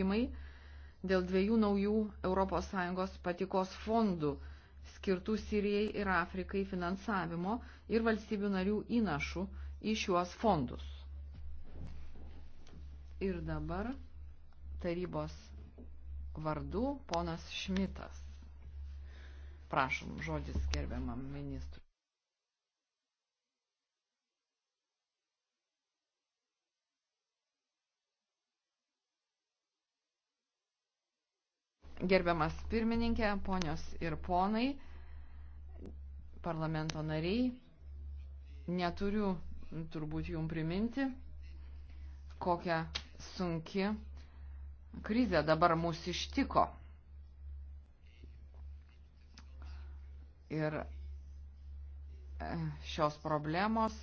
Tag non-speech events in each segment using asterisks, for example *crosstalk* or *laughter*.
pareiškimai dėl dviejų naujų ES patikos fondų skirtų Sirijai ir Afrikai finansavimo ir valstybių narių įnašų į šiuos fondus. Ir dabar tarybos vardu ponas Šmitas. Prašom, žodis gerbiamam ministrui. Gerbiamas pirmininkė, ponios ir ponai, parlamento nariai, neturiu turbūt jum priminti, kokia sunki krizė dabar mūsų ištiko. Ir e, šios problemos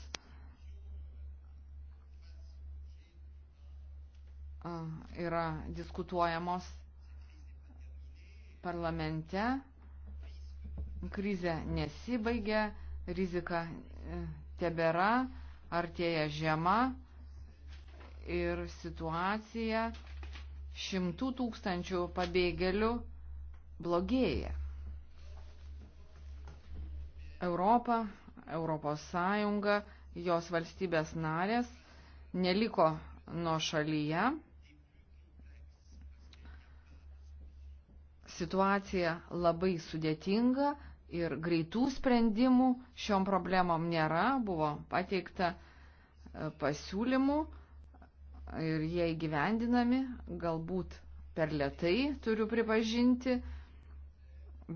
e, yra diskutuojamos parlamente, krizė nesibaigia, rizika e, tebėra, artėja žiema ir situacija šimtų tūkstančių pabėgėlių blogėja. Europa, Europos Sąjunga, jos valstybės narės neliko nuo šalyje situacija labai sudėtinga ir greitų sprendimų šiom problemom nėra, buvo pateikta e, pasiūlymų ir jie įgyvendinami, galbūt per lietai turiu pripažinti,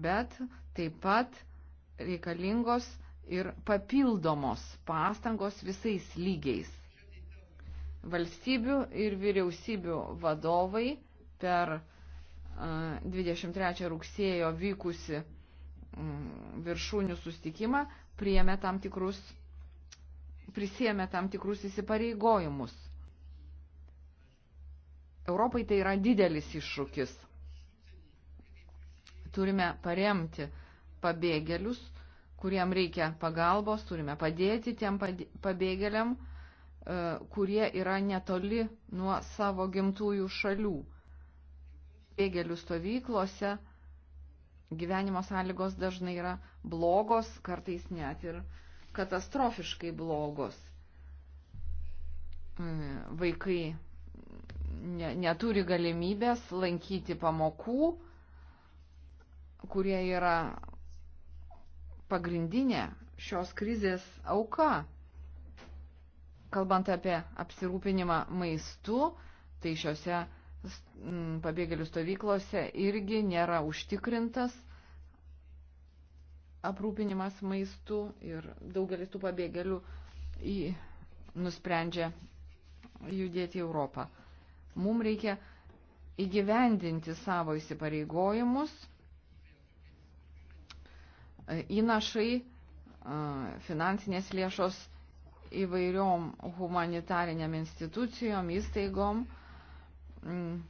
bet taip pat reikalingos ir papildomos pastangos visais lygiais. Valstybių ir vyriausybių vadovai per 23 rugsėjo vykusi mm, viršūnių sustikimą priėmė tam tikrus, prisėmė tam tikrus įsipareigojimus. Europai tai yra didelis iššūkis. Turime paremti pabėgėlius, kuriem reikia pagalbos, turime padėti tiem pabėgėliam, e, kurie yra netoli nuo savo gimtųjų šalių pėgelių stovyklose gyvenimo sąlygos dažnai yra blogos, kartais net ir katastrofiškai blogos. E, vaikai ne, neturi galimybės lankyti pamokų, kurie yra pagrindinė šios krizės auka. Kalbant apie apsirūpinimą maistu, tai šiuose Mm, pabėgėlių stovyklose irgi nėra užtikrintas aprūpinimas maistu ir daugelis tų pabėgėlių į, nusprendžia judėti į Europą. Mums reikia įgyvendinti savo įsipareigojimus, e, įnašai, e, finansinės lėšos įvairiom humanitariniam institucijom, įstaigom, Mm,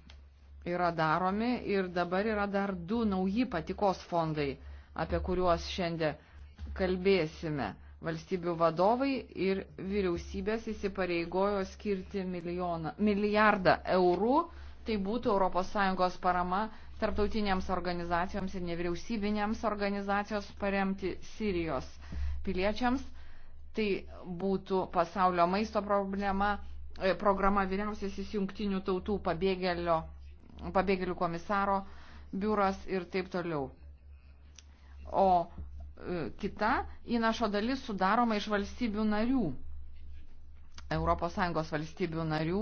yra daromi ir dabar yra dar du nauji patikos fondai, apie kuriuos šiandien kalbėsime. Valstybių vadovai ir vyriausybės įsipareigojo skirti milijoną, milijardą eurų, tai būtų ES parama tarptautinėms organizacijoms ir nevyriausybinėms organizacijos paremti Sirijos piliečiams. Tai būtų pasaulio maisto problema E, programa vyriausiasis jungtinių tautų pabėgėlio, pabėgėlių komisaro biuras ir taip toliau. O e, kita įnašo dalis sudaroma iš valstybių narių, ES valstybių narių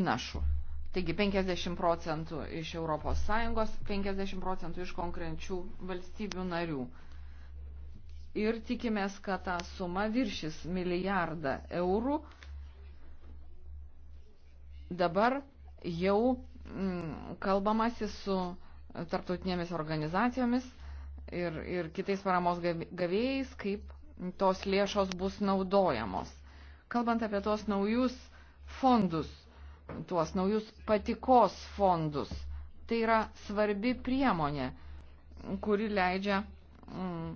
įnašų. Taigi 50 procentų iš ES, 50 procentų iš konkrečių valstybių narių. Ir tikimės, kad ta suma viršis milijardą eurų dabar jau mm, kalbamasi su tarptautinėmis organizacijomis ir, ir kitais paramos gavėjais, kaip tos lėšos bus naudojamos. Kalbant apie tos naujus fondus, tuos naujus patikos fondus, tai yra svarbi priemonė, kuri leidžia mm,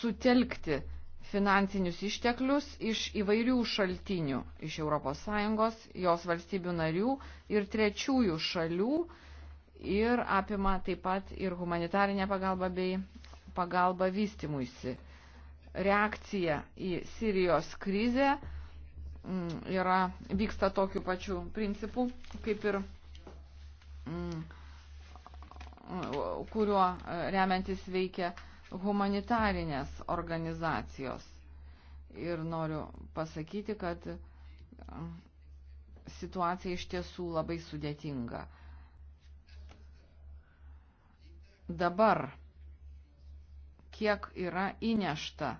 sutelkti finansinius išteklius iš įvairių šaltinių - iš ES, jos valstybių narių ir trečiųjų šalių ir apima taip pat ir humanitarinę pagalbą bei pagalbą vystimuisi. Reakcija į Sirijos krizę mm, yra, vyksta tokiu pačiu principu, kaip ir mm, kuriuo e, remiantis veikia uh, humanitarinės organizacijos. Ir noriu pasakyti, kad um, situacija iš tiesų labai sudėtinga. Dabar, kiek yra įnešta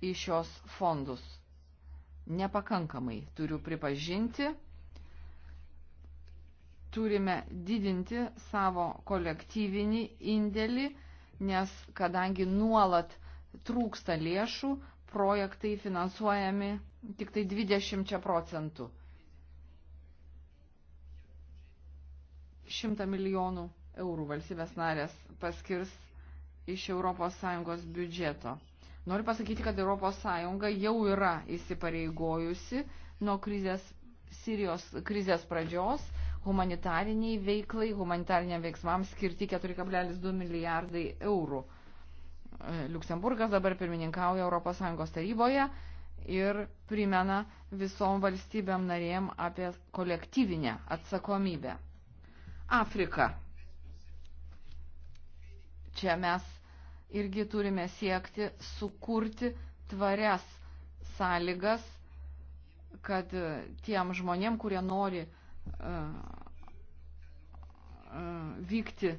į šios fondus, nepakankamai turiu pripažinti, turime didinti savo kolektyvinį indėlį, nes kadangi nuolat trūksta lėšų, projektai finansuojami tik tai 20 procentų. 100 milijonų eurų valstybės narės paskirs iš ES biudžeto. Noriu pasakyti, kad ES jau yra įsipareigojusi nuo krizės, Sirijos krizės pradžios humanitariniai veiklai, humanitariniam veiksmams skirti 4,2 milijardai eurų. E, Luksemburgas dabar pirmininkauja ES taryboje ir primena visom valstybėm narėm apie kolektyvinę atsakomybę. Afrika. Čia mes irgi turime siekti sukurti tvarias sąlygas, kad e, tiem žmonėm, kurie nori vykti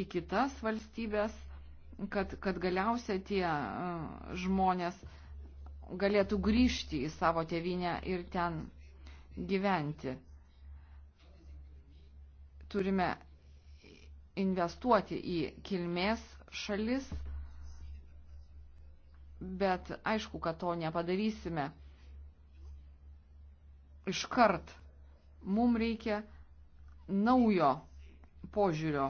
į kitas valstybės, kad, kad galiausia tie žmonės galėtų grįžti į savo tėvynę ir ten gyventi. Turime investuoti į kilmės šalis, bet aišku, kad to nepadarysime iškart Mums reikia naujo požiūrio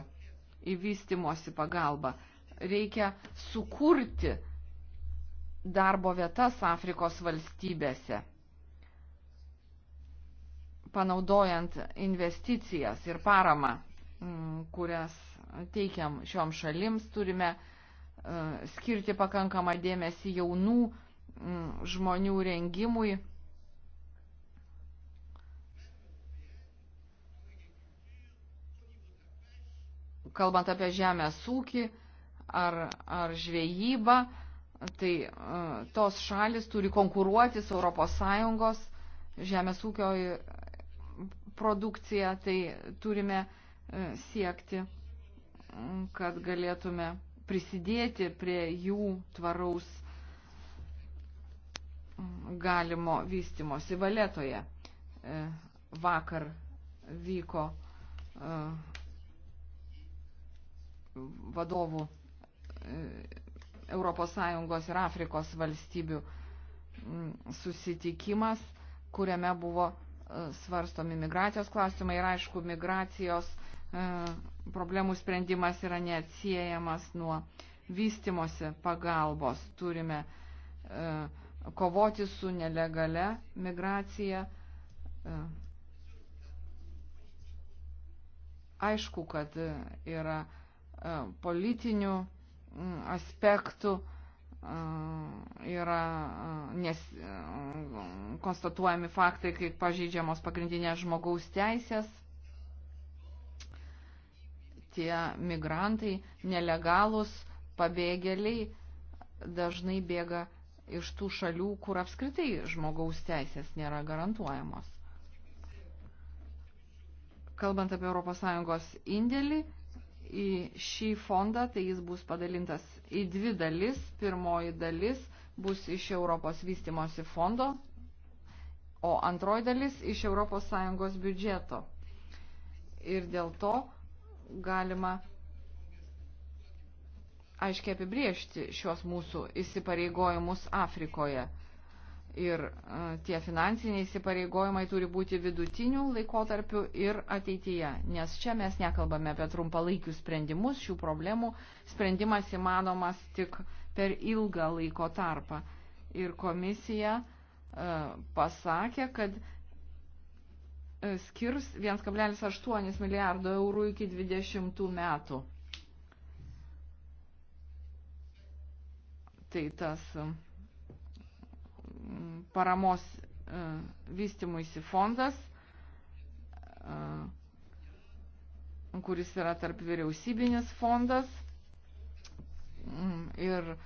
į vystimosi pagalbą. Reikia sukurti darbo vietas Afrikos valstybėse, panaudojant investicijas ir paramą, mm, kurias teikiam šioms šalims, turime e, skirti pakankamą dėmesį jaunų mm, žmonių rengimui kalbant apie žemės ūkį ar, ar žvejybą, tai e, tos šalis turi konkuruoti su ES žemės ūkio e, produkcija, tai turime e, siekti, kad galėtume prisidėti prie jų tvaraus galimo vystimosi valetoje. Vakar vyko vadovų ES ir Afrikos valstybių susitikimas, kuriame buvo e, svarstomi migracijos klausimai ir aišku, migracijos e, problemų sprendimas yra neatsiejamas nuo vystimosi pagalbos. Turime e, kovoti su nelegale migracija. Aišku, kad yra E, politinių aspektų e, yra e, nes, konstatuojami faktai, kaip pažydžiamos pagrindinės žmogaus teisės. Tie migrantai, nelegalus pabėgėliai dažnai bėga iš tų šalių, kur apskritai žmogaus teisės nėra garantuojamos. Kalbant apie ES indėlį, į šį fondą, tai jis bus padalintas į dvi dalis. Pirmoji dalis bus iš Europos vystimosi fondo, o antroji dalis iš ES biudžeto. Ir dėl to galima aiškiai apibriežti šios mūsų įsipareigojimus Afrikoje ir tie finansiniai įsipareigojimai turi būti vidutinių laikotarpių ir ateityje, nes čia mes nekalbame apie trumpalaikius sprendimus, šių problemų sprendimas įmanomas tik per ilgą laiko tarpą. Ir komisija pasakė, kad skirs 1,8 milijardo eurų iki 20 metų. Tai tas paramos e, vystimuisi fondas, e, kuris yra tarp vyriausybinis fondas mm, ir e,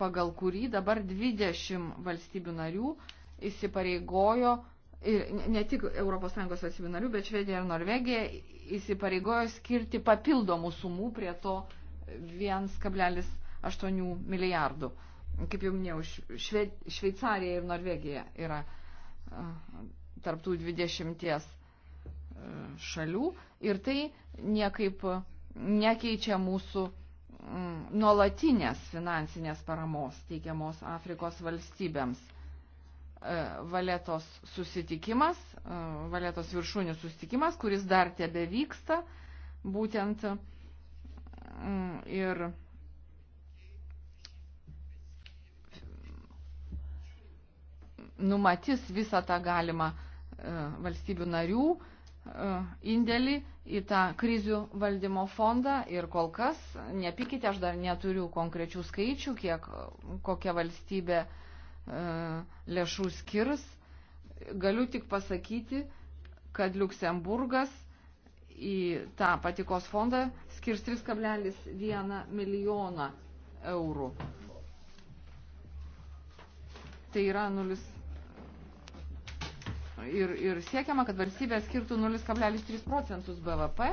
pagal kurį dabar 20 valstybių narių įsipareigojo, ir ne tik ES valstybių narių, bet Švedija ir Norvegija įsipareigojo skirti papildomų sumų prie to 1,8 milijardų kaip jau minėjau, šve, Šveicarija ir Norvegija yra tarptų 20 šalių ir tai niekaip nekeičia mūsų mm, nuolatinės finansinės paramos teikiamos Afrikos valstybėms. Valetos susitikimas, Valetos viršūnių susitikimas, kuris dar tebe vyksta, būtent mm, ir numatys visą tą galimą e, valstybių narių e, indėlį į tą krizių valdymo fondą ir kol kas, nepykite, aš dar neturiu konkrečių skaičių, kiek kokia valstybė e, lėšų skirs. Galiu tik pasakyti, kad Luksemburgas į tą patikos fondą skirs 3,1 milijoną eurų. Tai yra 0 ir, ir siekiama, kad valstybė skirtų 0,3 procentus BVP.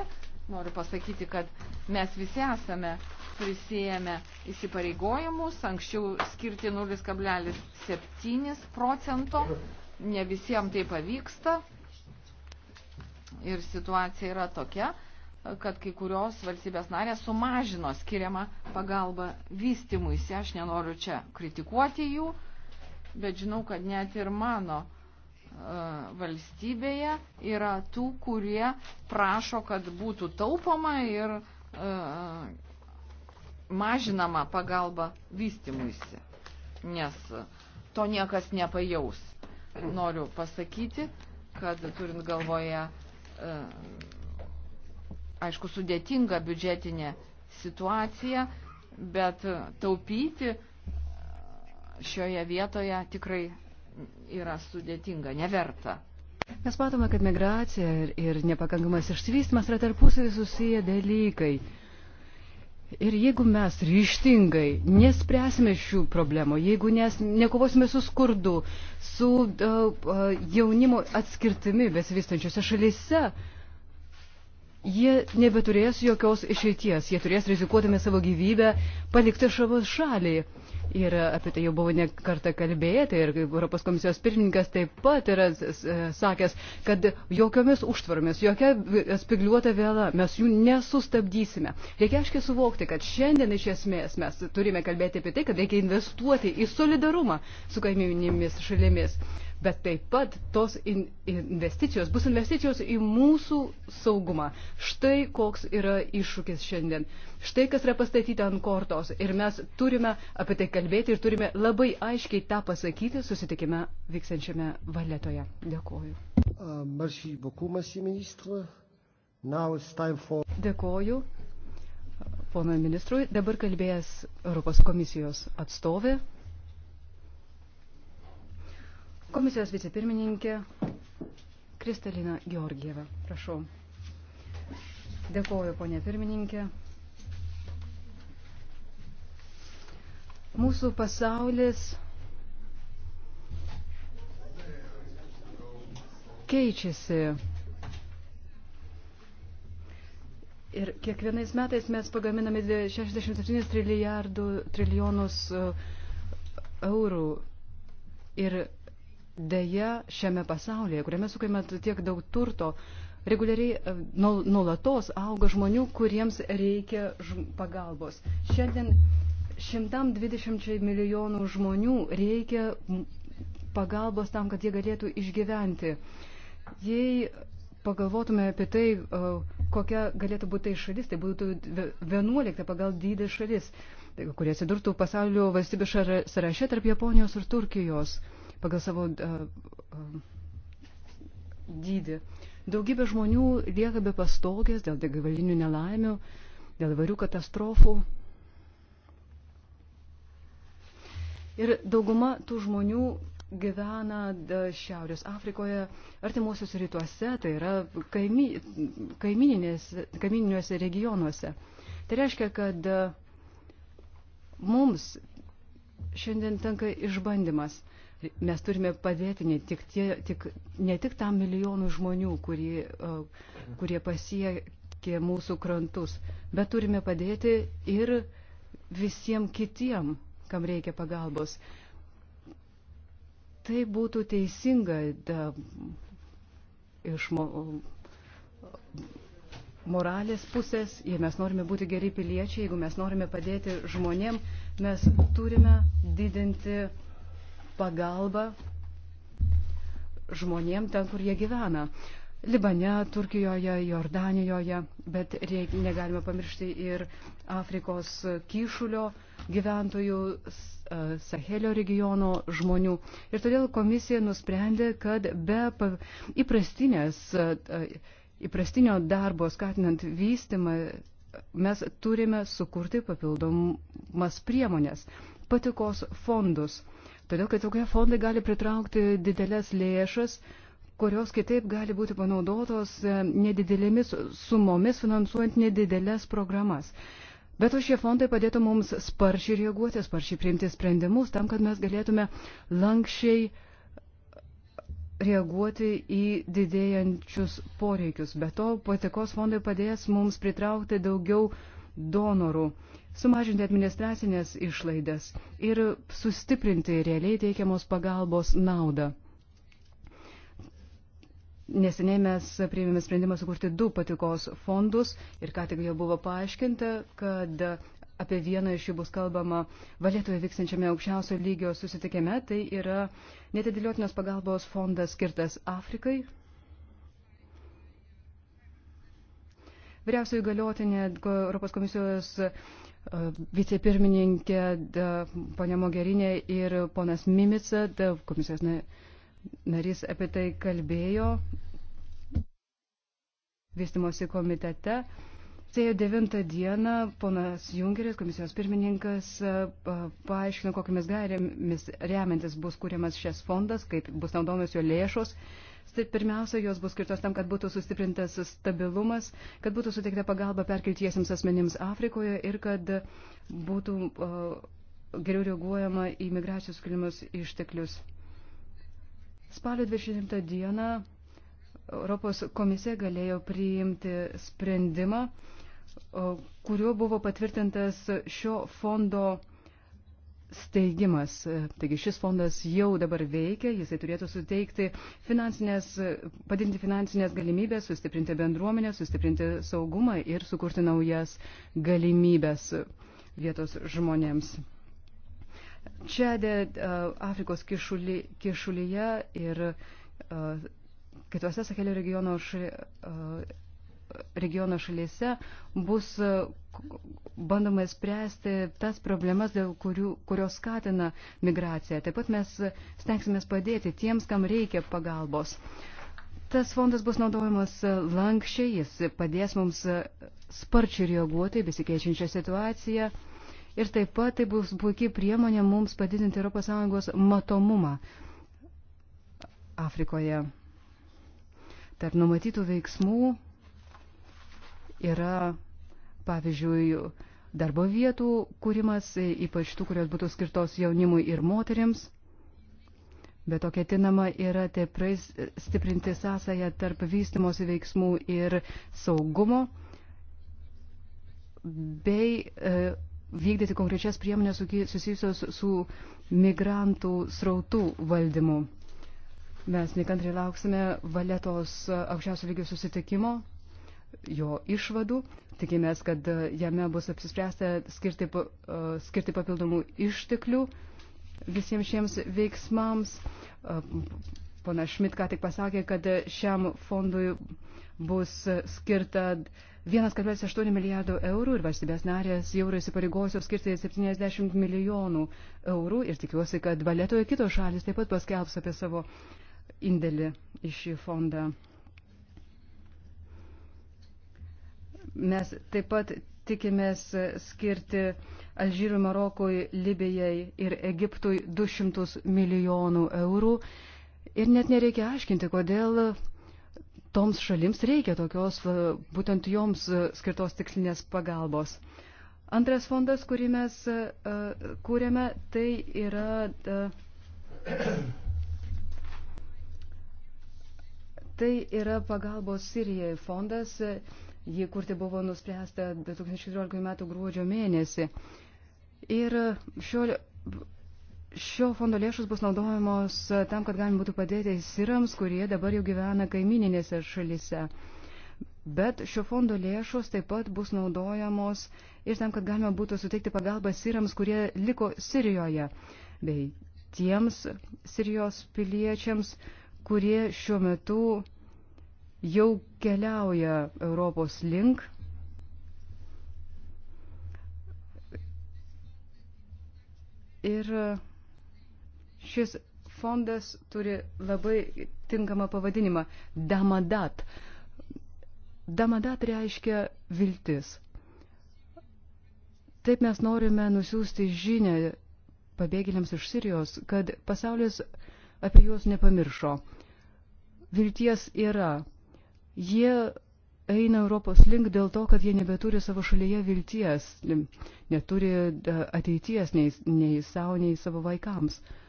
Noriu pasakyti, kad mes visi esame prisėjame įsipareigojimus, anksčiau skirti 0,7 procento, ne visiems tai pavyksta. Ir situacija yra tokia, kad kai kurios valstybės narės sumažino skiriamą pagalbą vystimuisi. Aš nenoriu čia kritikuoti jų, bet žinau, kad net ir mano uh, valstybėje yra tų, kurie prašo, kad būtų taupoma ir e, mažinama pagalba vystimuisi, nes to niekas nepajaus. Noriu pasakyti, kad turint galvoje, e, aišku, sudėtinga biudžetinė situacija, bet taupyti šioje vietoje tikrai yra sudėtinga, neverta. Mes matome, kad migracija ir, ir nepakankamas išsivystymas yra tarpusavį susiję dalykai. Ir jeigu mes ryštingai nespręsime šių problemų, jeigu nes, nekovosime su skurdu, su uh, jaunimo atskirtimi besivystančiose šalyse, jie nebeturės jokios išeities, jie turės rizikuodami savo gyvybę palikti savo šalį. Uh, Ir apie tai jau buvo ne kartą kalbėta ir Europos komisijos pirmininkas taip pat yra sakęs, kad jokiomis užtvaromis, jokia spigliuota vėla mes jų nesustabdysime. Reikia aiškiai suvokti, kad šiandien iš esmės mes turime kalbėti apie tai, kad reikia investuoti į solidarumą su kaimininėmis šalimis. Bet taip pat tos in investicijos bus investicijos į mūsų saugumą. Štai koks yra iššūkis šiandien. Štai kas yra pastatyta ant kortos. Ir mes turime apie tai kalbėti kalbėti ir turime labai aiškiai tą pasakyti susitikime vyksančiame valetoje. Dėkoju. Dėkoju ponui ministrui. Dabar kalbėjęs Europos komisijos atstovė. Komisijos vicepirmininkė Kristalina Georgieva. Prašau. Dėkoju, ponė pirmininkė. Mūsų pasaulis keičiasi. Ir kiekvienais metais mes pagaminame 67 trilijonus e, eurų. Ir dėja šiame pasaulyje, kuriame sukame tiek daug turto, reguliariai e, nuolatos auga žmonių, kuriems reikia pagalbos. Šiandien 120 milijonų žmonių reikia pagalbos tam, kad jie galėtų išgyventi. Jei pagalvotume apie tai, e, kokia galėtų būti tai šalis, tai būtų 11 pagal dydį šalis, tai kurie atsidurtų pasaulio valstybių sąraše tarp Japonijos ir Turkijos pagal savo e, e, dydį. Daugybė žmonių lieka be pastogės dėl degalinių nelaimių, dėl varių katastrofų. Ir dauguma tų žmonių gyvena Šiaurės Afrikoje, artimuosius rytuose, tai yra kaimi, kaimininiuose regionuose. Tai reiškia, kad e, mums šiandien tenka išbandymas. Mes turime padėti ne tik, tie, tik, ne tik tam milijonų žmonių, kurie, e, kurie pasiekė mūsų krantus, bet turime padėti ir visiems kitiems kam reikia pagalbos. Tai būtų teisinga da, iš mo, moralės pusės, jei mes norime būti geri piliečiai, jeigu mes norime padėti žmonėm, mes turime didinti pagalbą žmonėm ten, kur jie gyvena. Libane, Turkijoje, Jordanijoje, bet reik, negalime pamiršti ir Afrikos kyšulio gyventojų, Sahelio regiono žmonių. Ir todėl komisija nusprendė, kad be įprastinės, įprastinio darbo skatinant vystimą mes turime sukurti papildomas priemonės, patikos fondus. Todėl, kad tokie fondai gali pritraukti didelės lėšas kurios kitaip gali būti panaudotos e, nedidelėmis sumomis finansuojant nedidelės programas. Bet už šie fondai padėtų mums sparčiai reaguoti, sparčiai priimti sprendimus, tam, kad mes galėtume lankščiai reaguoti į didėjančius poreikius. Be to, patikos fondai padės mums pritraukti daugiau donorų, sumažinti administracinės išlaidas ir sustiprinti realiai teikiamos pagalbos naudą. Neseniai mes priėmėme sprendimą sukurti du patikos fondus ir ką tik jau buvo paaiškinta, kad apie vieną iš jų bus kalbama Valėtoje vykstančiame aukščiausio lygio susitikime. Tai yra netidėliotinos pagalbos fondas skirtas Afrikai. Vyriausioji galiotinė Europos komisijos e, vicepirmininkė, ponia Mogerinė ir ponas Mimica, komisijos narys apie tai kalbėjo vystimosi komitete. Sėjo 9 dieną ponas Junkeris, komisijos pirmininkas, paaiškino, kokiamis gairėmis remiantis bus kūriamas šis fondas, kaip bus naudomas jo lėšos. Pirmiausia, jos bus skirtos tam, kad būtų sustiprintas stabilumas, kad būtų suteikta pagalba perkeltiesiams asmenims Afrikoje ir kad būtų geriau reaguojama į migracijos kilimus išteklius. Spalio 20 dieną Europos komisija galėjo priimti sprendimą, kuriuo buvo patvirtintas šio fondo steigimas. Taigi šis fondas jau dabar veikia, jisai turėtų suteikti finansinės, padinti finansinės galimybės, sustiprinti bendruomenę, sustiprinti saugumą ir sukurti naujas galimybės vietos žmonėms. Čia e, Afrikos kišuli, kišulyje ir e, kitose Sahelio regiono, šali, e, regiono šalyse bus bandoma spręsti tas problemas, dėl kurių, kurios skatina migraciją. Taip pat mes stengsime padėti tiems, kam reikia pagalbos. Tas fondas bus naudojamas lankščiai, jis padės mums sparčiai reaguoti į besikeičiančią situaciją ir taip pat tai bus puikiai priemonė mums padidinti ES matomumą Afrikoje. Tarp numatytų veiksmų yra, pavyzdžiui, darbo vietų kūrimas, ypač tų, kurios būtų skirtos jaunimui ir moteriams. Bet to ketinama yra tikrai stiprinti sąsąją tarp vystimosi veiksmų ir saugumo bei e, vykdyti konkrečias priemonės susijusios su migrantų srautų valdymu. Mes nekantriai lauksime valetos aukščiausio lygio susitikimo, jo išvadų. Tikimės, kad jame bus apsispręsta skirti, skirti papildomų išteklių visiems šiems veiksmams. Pana Šmit ką tik pasakė, kad šiam fondui bus skirta 1,8 milijardo eurų ir valstybės narės jau yra įsipareigosios skirti 70 milijonų eurų ir tikiuosi, kad valetoje kitos šalis taip pat paskelbs apie savo indėlį į šį fondą. Mes taip pat tikimės skirti Alžyrui, Marokui, Libijai ir Egiptui 200 milijonų eurų. Ir net nereikia aiškinti, kodėl toms šalims reikia tokios e, būtent joms e, skirtos tikslinės pagalbos. Antras fondas, kurį mes e, kūrėme, tai yra. Tai yra pagalbos Sirijai fondas, jį kurti buvo nuspręsta 2014 m. gruodžio mėnesį. Ir šio Šio fondo lėšus bus naudojamos tam, kad galima būtų padėti sirams, kurie dabar jau gyvena kaimininėse šalise. Bet šio fondo lėšos taip pat bus naudojamos ir tam, kad galima būtų suteikti pagalbą sirams, kurie liko Sirijoje, bei tiems Sirijos piliečiams, kurie šiuo metu jau keliauja Europos link ir Šis fondas turi labai tinkamą pavadinimą - Damadat. Damadat reiškia viltis. Taip mes norime nusiųsti žinę pabėgėliams iš Sirijos, kad pasaulis apie juos nepamiršo. Vilties yra. Jie eina Europos link dėl to, kad jie nebeturi savo šalyje vilties, neturi e, ateities nei, nei savo, nei savo vaikams. Uh,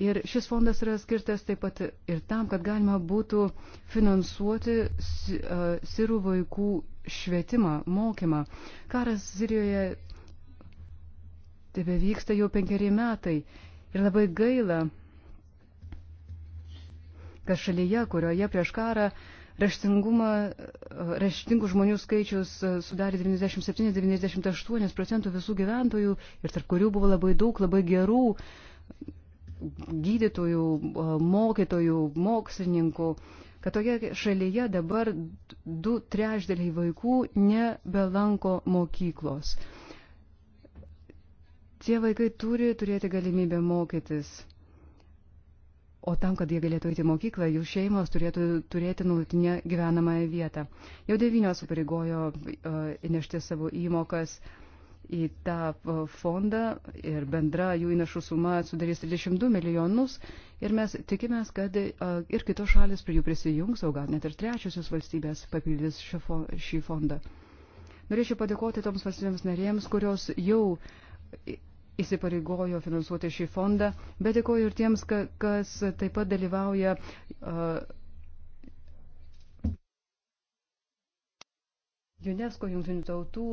Ir šis fondas yra skirtas taip pat ir tam, kad galima būtų finansuoti sirų vaikų švietimą, mokymą. Karas Sirijoje tebe vyksta jau penkeri metai ir labai gaila, kad šalyje, kurioje prieš karą raštingų žmonių skaičius sudarė 97-98 procentų visų gyventojų ir tarp kurių buvo labai daug labai gerų gydytojų, mokytojų, mokslininkų, kad toje šalyje dabar du trešdėliai vaikų nebelanko mokyklos. Tie vaikai turi turėti galimybę mokytis. O tam, kad jie galėtų eiti į mokyklą, jų šeimos turėtų turėti nulatinę gyvenamąją vietą. Jau devynios pareigojo uh, įnešti savo įmokas uh, į tą e, fondą ir bendra jų įnašų suma sudarys 32 milijonus ir mes tikimės, kad e, ir kitos šalis prie jų prisijungs, o gal net ir trečiosios valstybės papildys šį fondą. Norėčiau padėkoti toms valstybėms narėms, kurios jau įsipareigojo finansuoti šį fondą, bet dėkoju ir tiems, kas taip pat dalyvauja. E, UNESCO, Junktinių tautų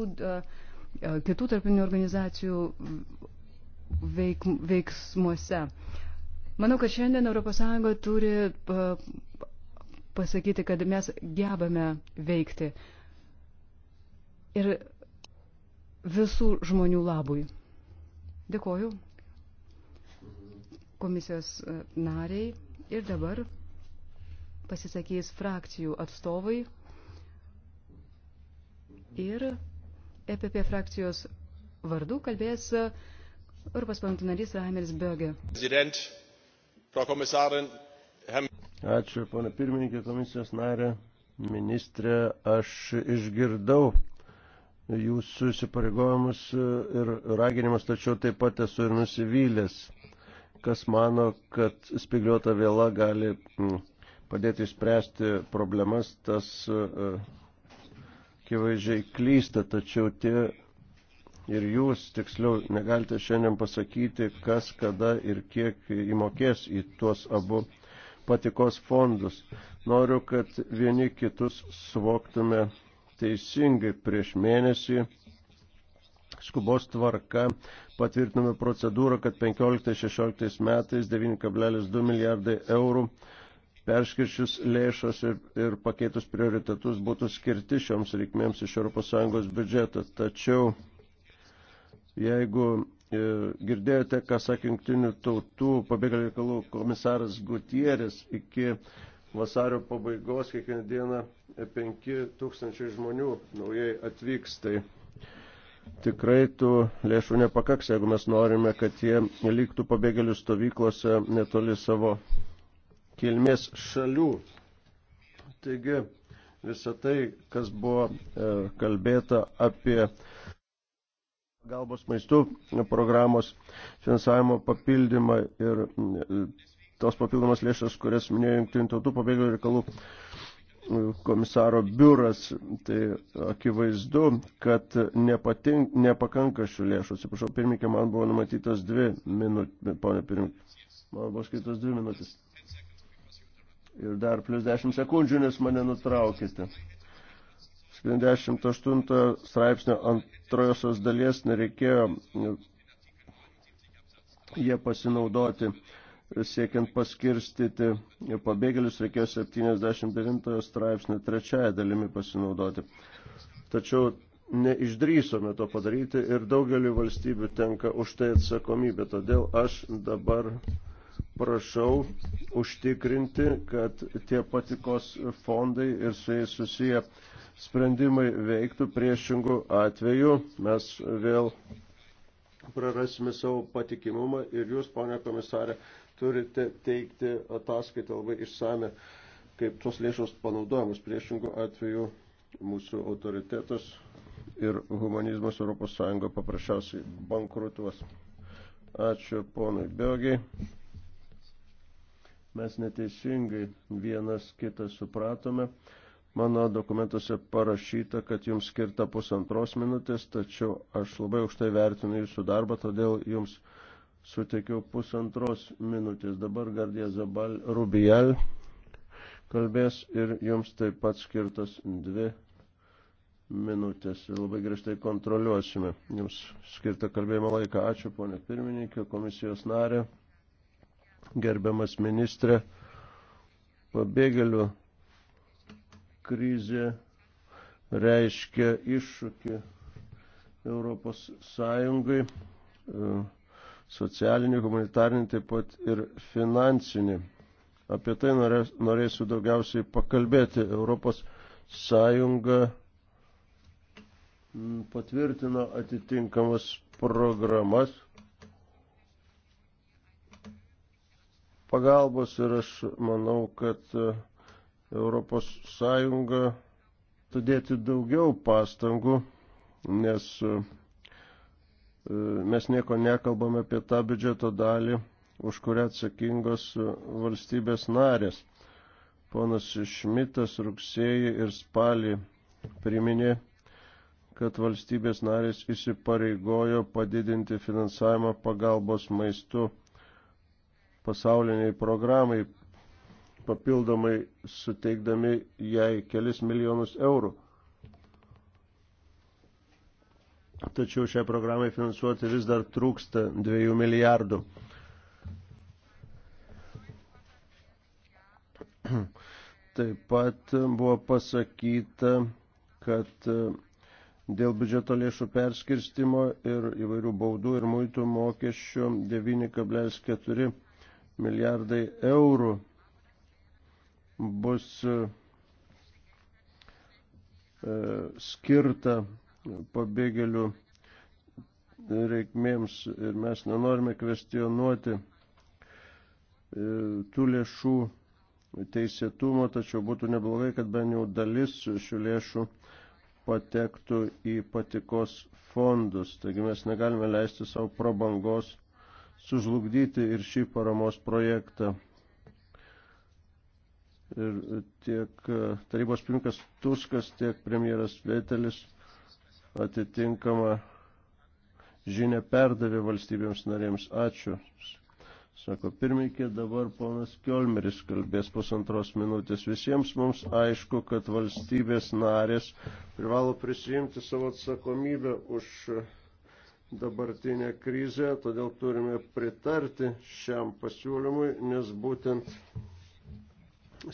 E, kitų tarpinių organizacijų veik, veiksmuose. Manau, kad šiandien ES turi e, pasakyti, kad mes gebame veikti ir visų žmonių labui. Dėkoju komisijos e, nariai ir dabar pasisakys frakcijų atstovai ir EPP frakcijos vardu kalbės Europos parlamento narys Raimeris Bögė. Ačiū, ponė pirmininkė, komisijos narė, ministrė, aš išgirdau jūsų įsipareigojimus ir raginimus, tačiau taip pat esu ir nusivylęs, kas mano, kad spigliuota vėla gali mm, padėti išspręsti problemas, tas uh, akivaizdžiai klysta, tačiau tie ir jūs tiksliau negalite šiandien pasakyti, kas kada ir kiek įmokės į tuos abu patikos fondus. Noriu, kad vieni kitus suvoktume teisingai prieš mėnesį. Skubos tvarka patvirtiname procedūrą, kad 15-16 metais 9,2 milijardai eurų perskirčius lėšas ir, ir pakeitus prioritetus būtų skirti šioms reikmėms iš ES biudžeto. Tačiau jeigu e, girdėjote, ką sakė jungtinių tautų pabėgėlių reikalų komisaras Gutieris iki vasario pabaigos kiekvieną dieną 5000 žmonių naujai atvyks, tai tikrai tų lėšų nepakaks, jeigu mes norime, kad jie liktų pabėgėlių stovyklose netoli savo kilmės šalių. Taigi visą tai, kas buvo e, kalbėta apie galbos maistų programos finansavimo papildymą ir e, tos papildomas lėšas, kurias minėjo Junktinių tautų pabėgėlių reikalų e, komisaro biuras, tai akivaizdu, kad nepatink, nepakanka šių lėšų. Atsiprašau, pirmininkė, man buvo numatytos dvi minutės, ponė pirmininkė, man buvo skaitos dvi minutės. Ir dar plus 10 sekundžių, nes mane nutraukite. 78 straipsnio antrojosios dalies nereikėjo nu, jie pasinaudoti siekiant paskirstyti pabėgėlius, reikėjo 79 straipsnio trečiaja dalimi pasinaudoti. Tačiau neišdrysome to padaryti ir daugeliu valstybių tenka už tai atsakomybė. Todėl aš dabar prašau užtikrinti, kad tie patikos fondai ir su jais susiję sprendimai veiktų priešingų atveju. Mes vėl prarasime savo patikimumą ir jūs, ponia komisarė, turite teikti ataskaitą labai išsame, kaip tos lėšos panaudojamos. Priešingų atveju mūsų autoritetas ir humanizmas ES paprasčiausiai bankrutuos. Ačiū ponui Biogiai mes neteisingai vienas kitą supratome. Mano dokumentuose parašyta, kad jums skirta pusantros minutės, tačiau aš labai aukštai vertinu jūsų darbą, todėl jums suteikiau pusantros minutės. Dabar Gardė Zabal Rubijal kalbės ir jums taip pat skirtas dvi minutės. Ir labai griežtai kontroliuosime jums skirtą kalbėjimo laiką. Ačiū, ponė pirmininkė, komisijos narė gerbiamas ministrė, pabėgėlių krizė reiškia iššūkį Europos Sąjungai, e, socialinį, humanitarinį, taip pat ir finansinį. Apie tai norėsiu daugiausiai pakalbėti. Europos Sąjunga patvirtino atitinkamas programas pagalbos ir aš manau, kad e, Europos Sąjunga turėti daugiau pastangų, nes e, e, mes nieko nekalbame apie tą biudžeto dalį, už kurią atsakingos valstybės narės. Ponas Šmitas rugsėjį ir spalį priminė, kad valstybės narės įsipareigojo padidinti finansavimą pagalbos maistu pasauliniai programai, papildomai suteikdami jai kelis milijonus eurų. Tačiau šiai programai finansuoti vis dar trūksta 2 milijardų. *clears throat* Taip pat buvo pasakyta, kad e, dėl biudžeto lėšų perskirstimo ir įvairių baudų ir muitų mokesčių 9,4 milijardai eurų bus e, skirta pabėgėlių reikmėms ir mes nenorime kvestionuoti e, tų lėšų teisėtumo, tačiau būtų neblogai, kad bent jau dalis šių lėšų patektų į patikos fondus. Taigi mes negalime leisti savo prabangos sužlugdyti ir šį paramos projektą. Ir tiek e, tarybos pirmininkas Tuskas, tiek premjeras Vėtelis atitinkamą žinę perdavė valstybėms narėms. Ačiū. Sako pirmininkė, dabar ponas Kiolmeris kalbės pusantros minutės. Visiems mums aišku, kad valstybės narės privalo prisijimti savo atsakomybę už dabartinę krizę, todėl turime pritarti šiam pasiūlymui, nes būtent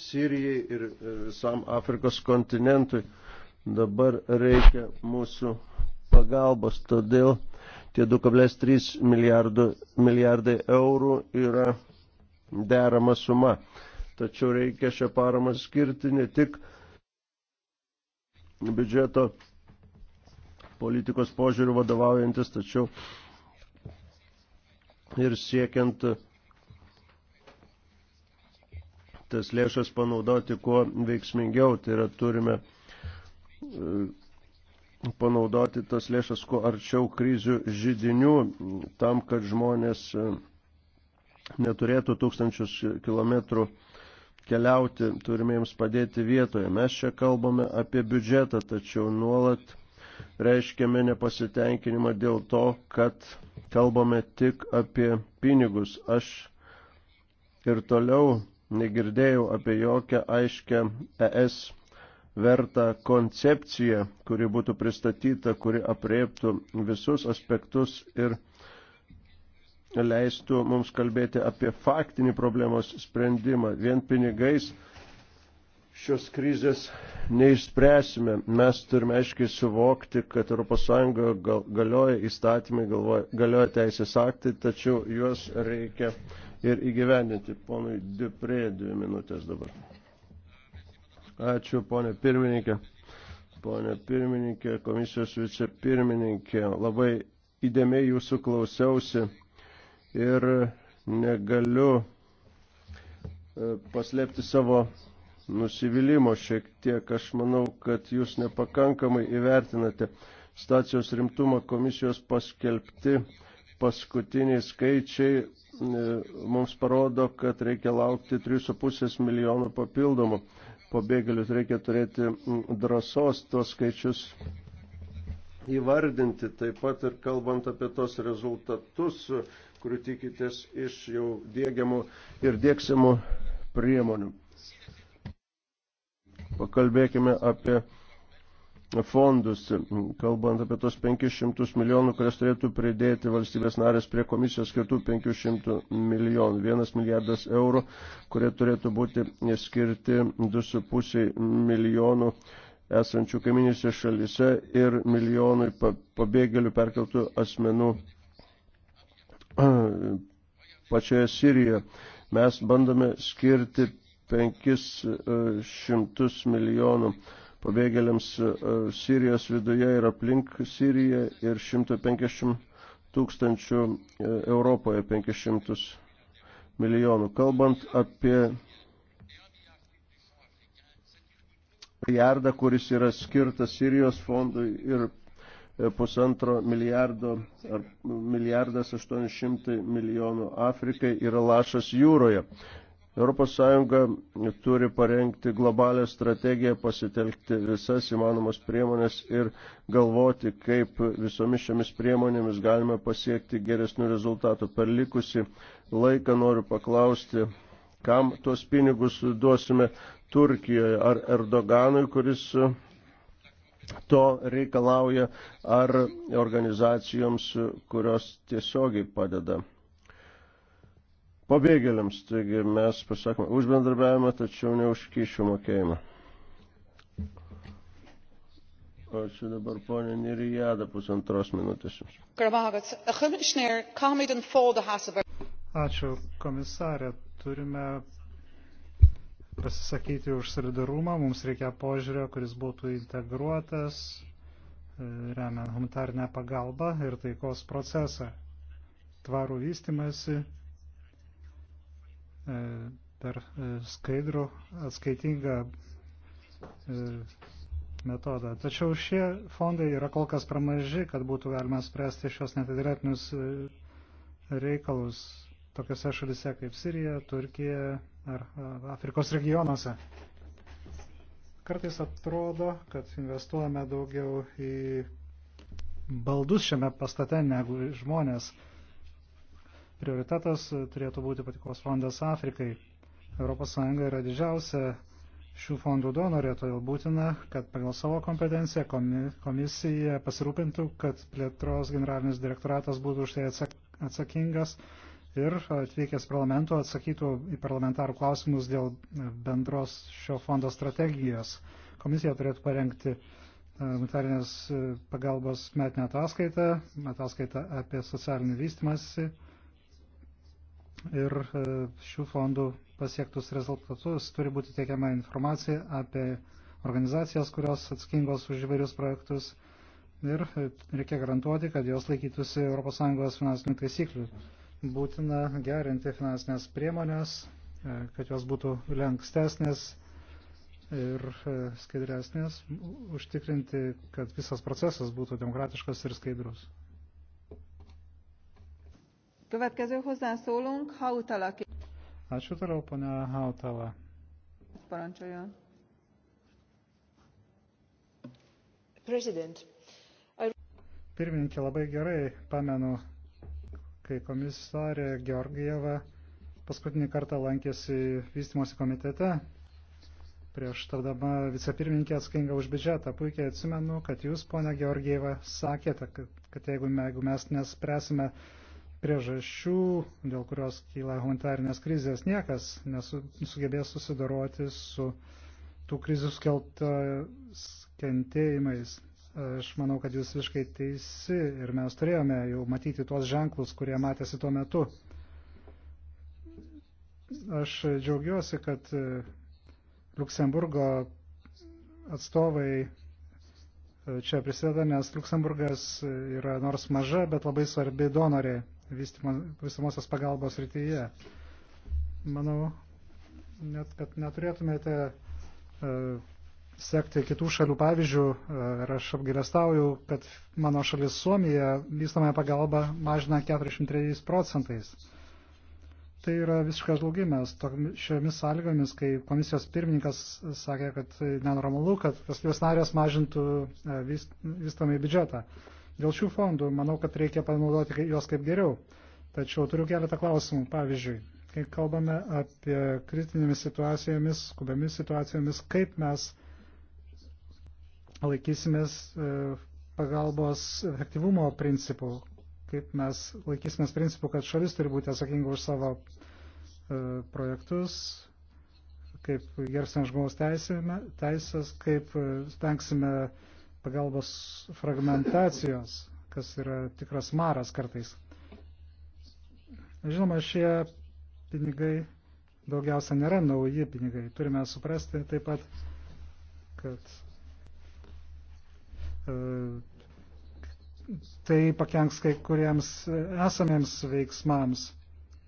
Sirijai ir e, visam Afrikos kontinentui dabar reikia mūsų pagalbos. Todėl tie 2,3 milijardai eurų yra derama suma. Tačiau reikia šią paramą skirti ne tik biudžeto politikos požiūrių vadovaujantis, tačiau ir siekiant tas lėšas panaudoti kuo veiksmingiau, tai yra turime e, panaudoti tas lėšas kuo arčiau krizių žydinių, tam, kad žmonės e, neturėtų tūkstančius kilometrų keliauti, turime jiems padėti vietoje. Mes čia kalbame apie biudžetą, tačiau nuolat reiškiame nepasitenkinimą dėl to, kad kalbame tik apie pinigus. Aš ir toliau negirdėjau apie jokią aiškę ES vertą koncepciją, kuri būtų pristatyta, kuri apriektų visus aspektus ir leistų mums kalbėti apie faktinį problemos sprendimą. Vien pinigais šios krizės neišspręsime. Mes turime aiškiai suvokti, kad ES gal, galioja įstatymai, galioja teisės aktai, tačiau juos reikia ir įgyvendinti. Ponui Duprė, dvi minutės dabar. Ačiū, ponė pirmininkė. Ponė pirmininkė, komisijos vicepirmininkė, labai įdėmiai jūsų klausiausi ir negaliu e, paslėpti savo nusivylimo šiek tiek. Aš manau, kad jūs nepakankamai įvertinate stacijos rimtumą komisijos paskelbti paskutiniai skaičiai e, mums parodo, kad reikia laukti 3,5 milijonų papildomų pabėgėlius, reikia turėti drąsos tuos skaičius įvardinti, taip pat ir kalbant apie tos rezultatus, kurių tikitės iš jau dėgiamų ir dėksimų priemonių. Pakalbėkime apie fondus, kalbant apie tos 500 milijonų, kurias turėtų pridėti valstybės narės prie komisijos skirtų 500 milijonų. Vienas milijardas eurų, kurie turėtų būti skirti 2,5 milijonų esančių kaiminėse šalise ir milijonui pabėgėlių perkeltų asmenų *clears throat* pačioje Sirijoje. Mes bandome skirti 500 e, milijonų pabėgėliams e, Sirijos viduje ir aplink Siriją ir 150 tūkstančių e, Europoje 500 milijonų. Kalbant apie milijardą, kuris yra skirtas Sirijos fondui ir pusantro milijardo ar milijardas 800 milijonų Afrikai yra lašas jūroje. ES turi parengti globalę strategiją, pasitelkti visas įmanomas priemonės ir galvoti, kaip visomis šiomis priemonėmis galime pasiekti geresnių rezultatų. Per likusi laiką noriu paklausti, kam tuos pinigus duosime Turkijoje, ar Erdoganui, kuris to reikalauja, ar organizacijoms, kurios tiesiogiai padeda pabėgėliams. Taigi mes pasakome už bendarbiavimą, tačiau ne už kyšių mokėjimą. Ačiū dabar ponė Nirijada pusantros minutės jums. Ačiū komisarė. Turime pasisakyti už solidarumą. Mums reikia požiūrio, kuris būtų integruotas, e, remiant humanitarnę pagalbą ir taikos procesą, tvarų vystimasi E, per e, skaidrų atskaitingą e, metodą. Tačiau šie fondai yra kol kas pramaži, kad būtų galima spręsti šios netidiretinius reikalus tokiose šalise kaip Sirija, Turkija ar Afrikos regionuose. Kartais atrodo, kad investuojame daugiau į baldus šiame pastate negu žmonės. Prioritetas turėtų būti patikos fondas Afrikai. ES yra didžiausia šių fondų donorė, todėl būtina, kad pagal savo kompetenciją komisija pasirūpintų, kad plėtros generalinis direktoratas būtų už tai atsakingas ir atvykęs parlamento atsakytų į parlamentarų klausimus dėl bendros šio fondo strategijos. Komisija turėtų parengti e, humanitarinės e, pagalbos metinę ataskaitą, ataskaitą apie socialinį vystimąsi ir e, šių fondų pasiektus rezultatus turi būti teikiama informacija apie organizacijas, kurios atskingos už įvairius projektus ir e, reikia garantuoti, kad jos laikytųsi ES finansinių taisyklių. Būtina gerinti finansinės priemonės, e, kad jos būtų lenkstesnės ir skaidresnės, užtikrinti, kad visas procesas būtų demokratiškas ir skaidrus. Következő hozzászólunk, Hautala. Ačiū toliau, ponia Hautala. Parancsoljon. President. I... Pirmininkė, labai gerai pamenu, kai komisarė Georgieva paskutinį kartą lankėsi vystimosi komitete prieš tardama vicepirmininkė atsakinga už biudžetą. Puikiai atsimenu, kad jūs, ponia Georgieva, sakėte, kad, kad jeigu, jeigu mes nespręsime priežasčių, dėl kurios kyla humanitarinės krizės, niekas nesugebės susidoroti su tų krizių skeltas kentėjimais. Aš manau, kad jūs visiškai teisi ir mes turėjome jau matyti tuos ženklus, kurie matėsi tuo metu. Aš džiaugiuosi, kad Luksemburgo atstovai čia prisideda, nes Luksemburgas yra nors maža, bet labai svarbi donorė vystamosios pagalbos rytyje. Manau, net, kad neturėtumėte e, sekti kitų šalių pavyzdžių e, ir aš apgailestauju, kad mano šalis Suomija vystamąją pagalbą mažina 43 procentais. Tai yra visiškas žlugimas šiomis sąlygomis, kai komisijos pirmininkas sakė, kad e, nenormalu, kad valstybės narės mažintų vystamąjį biudžetą. Dėl šių fondų manau, kad reikia panaudoti juos kaip geriau. Tačiau turiu keletą klausimų. Pavyzdžiui, kai kalbame apie kritinėmis situacijomis, skubiamis situacijomis, kaip mes laikysimės e, pagalbos efektyvumo principų, kaip mes laikysimės principų, kad šalis turi būti atsakinga už savo e, projektus, kaip gersime žmogaus teisės, kaip e, stengsime pagalbos fragmentacijos, kas yra tikras maras kartais. Žinoma, šie pinigai daugiausia nėra nauji pinigai. Turime suprasti taip pat, kad e, tai pakenks kai kuriems esamiems veiksmams.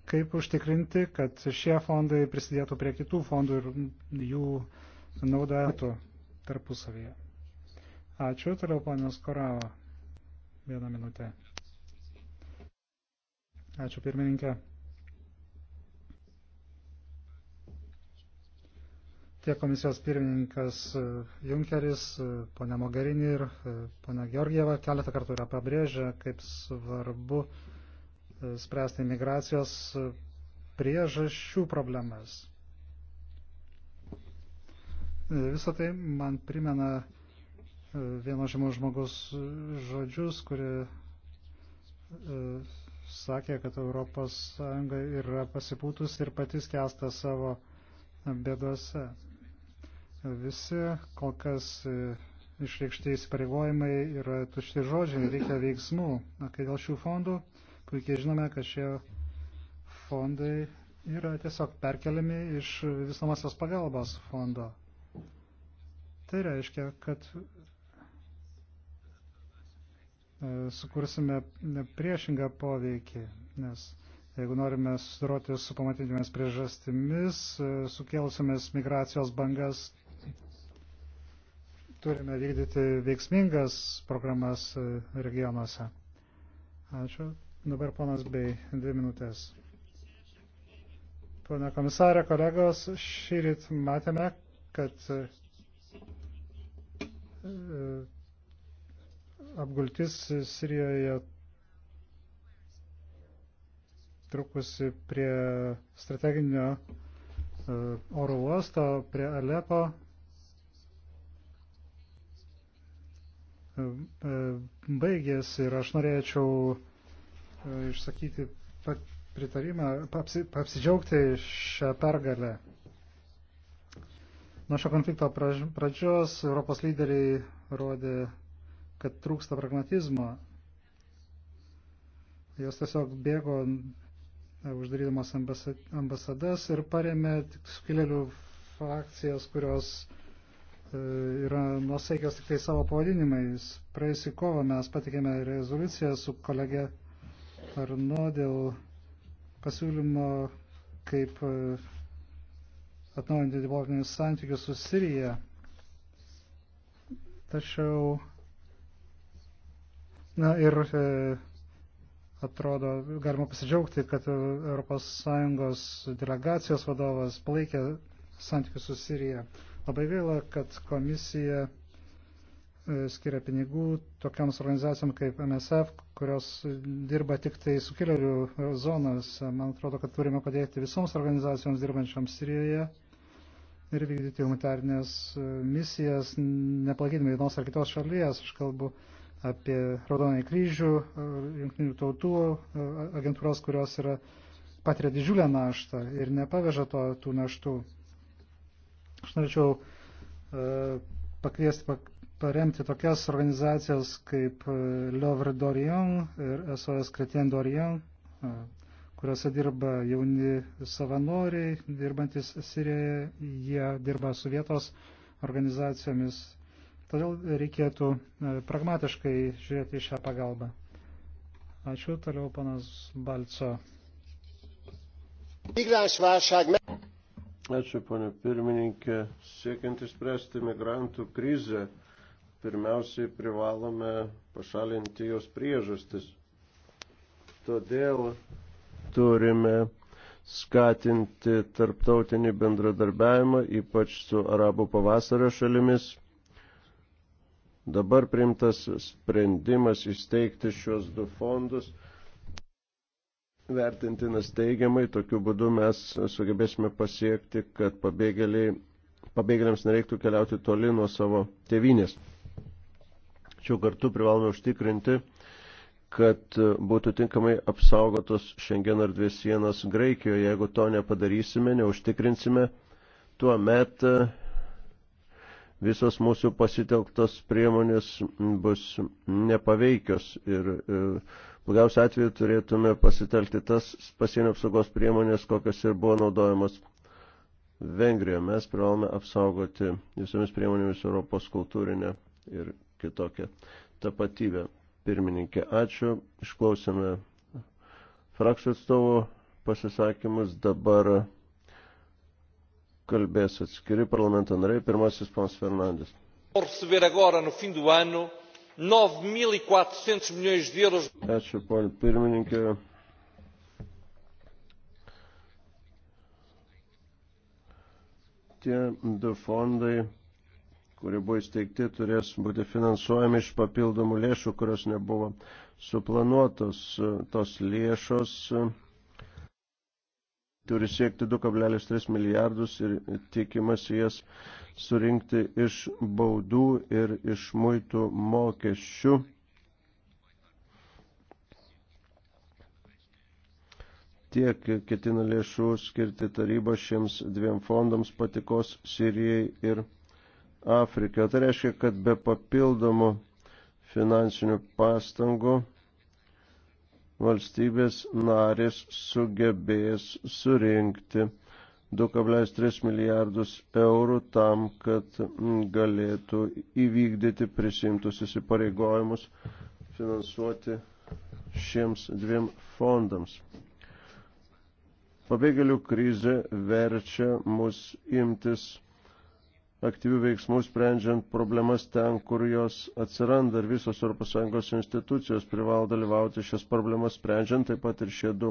Kaip užtikrinti, kad šie fondai prisidėtų prie kitų fondų ir jų naudotų tarpusavėje. Ačiū, toliau ponios Koravo. Vieną minutę. Ačiū pirmininkė. Tiek komisijos pirmininkas e, Junkeris, e, ponia Mogarini ir e, ponia Georgieva keletą kartų yra pabrėžę, kaip svarbu spręsti migracijos priežasčių problemas. Visą tai man primena vieno žymaus žmogus žodžius, kuri e, sakė, kad ES yra pasipūtus ir patys kesta savo bėdose. Visi kol kas e, išreikšti įsipareigojimai yra tušti žodžiai, reikia veiksmų. Na, kai dėl šių fondų, puikiai žinome, kad šie fondai yra tiesiog perkeliami iš visomasios pagalbos fondo. Tai reiškia, kad E, sukursime priešingą poveikį, nes jeigu norime susidoroti su pamatinėmis priežastimis, e, sukėlusiamis migracijos bangas, turime vykdyti veiksmingas programas e, regionuose. Ačiū. Dabar ponas Bei, dvi minutės. Pone komisarė, kolegos, šį ryt matėme, kad apgultis Sirijoje trukusi prie strateginio e, oro uosto, prie Alepo. E, e, baigėsi ir aš norėčiau išsakyti pritarimą, papsi, papsidžiaugti šią pergalę. Nuo šio konflikto pradžios Europos lyderiai rodė kad trūksta pragmatizmo. Jos tiesiog bėgo e, uždarydamas ambasadas ir paremė sukilėlių frakcijas, kurios e, yra nusaikios tik tai savo pavadinimais. Praėjusį kovą mes patikėme rezoliuciją su kolege Arno dėl pasiūlymo, kaip e, atnaujinti diplominius santykius su Sirija. Tačiau Na ir e, atrodo, galima pasidžiaugti, kad ES delegacijos vadovas palaikė santykius su Sirija. Labai gaila, kad komisija e, skiria pinigų tokiams organizacijom kaip MSF, kurios dirba tik tai sukilėlių zonas. Man atrodo, kad turime padėti visoms organizacijoms dirbančioms Sirijoje ir vykdyti humanitarnės e, misijas, nepalakydami vienos ar kitos šalies. Aš kalbu apie Raudonąjį kryžių, e, jungtinių tautų e, agentūros, kurios yra patiria didžiulę naštą ir nepaveža to, tų naštų. Aš norėčiau e, pakviesti, pak, paremti tokias organizacijas kaip e, Lovre Dorion ir SOS Kretien Dorion, e, kuriuose dirba jauni savanoriai, dirbantis Sirijoje, jie dirba su vietos organizacijomis Todėl reikėtų e, pragmatiškai žiūrėti į šią pagalbą. Ačiū, toliau panas Balco. Ačiū, ponė pirmininkė. Siekiant išspręsti migrantų krizę, pirmiausiai privalome pašalinti jos priežastis. Todėl turime skatinti tarptautinį bendradarbiavimą, ypač su arabų pavasario šalimis Dabar primtas sprendimas įsteigti šios du fondus vertintinas teigiamai, tokiu būdu mes sugebėsime pasiekti, kad pabėgėliams nereiktų keliauti toli nuo savo tėvynės. Čia kartu privalome užtikrinti, kad būtų tinkamai apsaugotos šiandien ar dvi sienas Graikijoje. Jeigu to nepadarysime, neužtikrinsime, tuo metu visos mūsų pasitelktos priemonės bus nepaveikios ir e, blogiausiu atveju turėtume pasitelkti tas pasienio apsaugos priemonės, kokios ir buvo naudojamos Vengrijoje. Mes privalome apsaugoti visomis priemonėmis Europos kultūrinę ir kitokią tapatybę. Pirmininkė, ačiū. Išklausėme frakcijų atstovų pasisakymus. Dabar kalbės atskiri parlamento nariai. Pirmasis ponas Fernandes. E Ačiū, ponė pirmininkė. Tie du fondai, kurie buvo įsteigti, turės būti finansuojami iš papildomų lėšų, kurios nebuvo suplanuotos. Tos lėšos turi siekti 2,3 milijardus ir tikimasi jas surinkti iš baudų ir iš muitų mokesčių. Tiek ketina lėšų skirti taryba šiems dviem fondams patikos Sirijai ir Afrikai. Tai reiškia, kad be papildomų finansinių pastangų valstybės narės sugebės surinkti 2,3 milijardus eurų tam, kad galėtų įvykdyti prisimtus įsipareigojimus finansuoti šiems dviem fondams. Pabėgėlių krizė verčia mus imtis aktyvių veiksmų sprendžiant problemas ten, kur jos atsiranda ir visos ES institucijos privalo dalyvauti šias problemas sprendžiant, taip pat ir šie du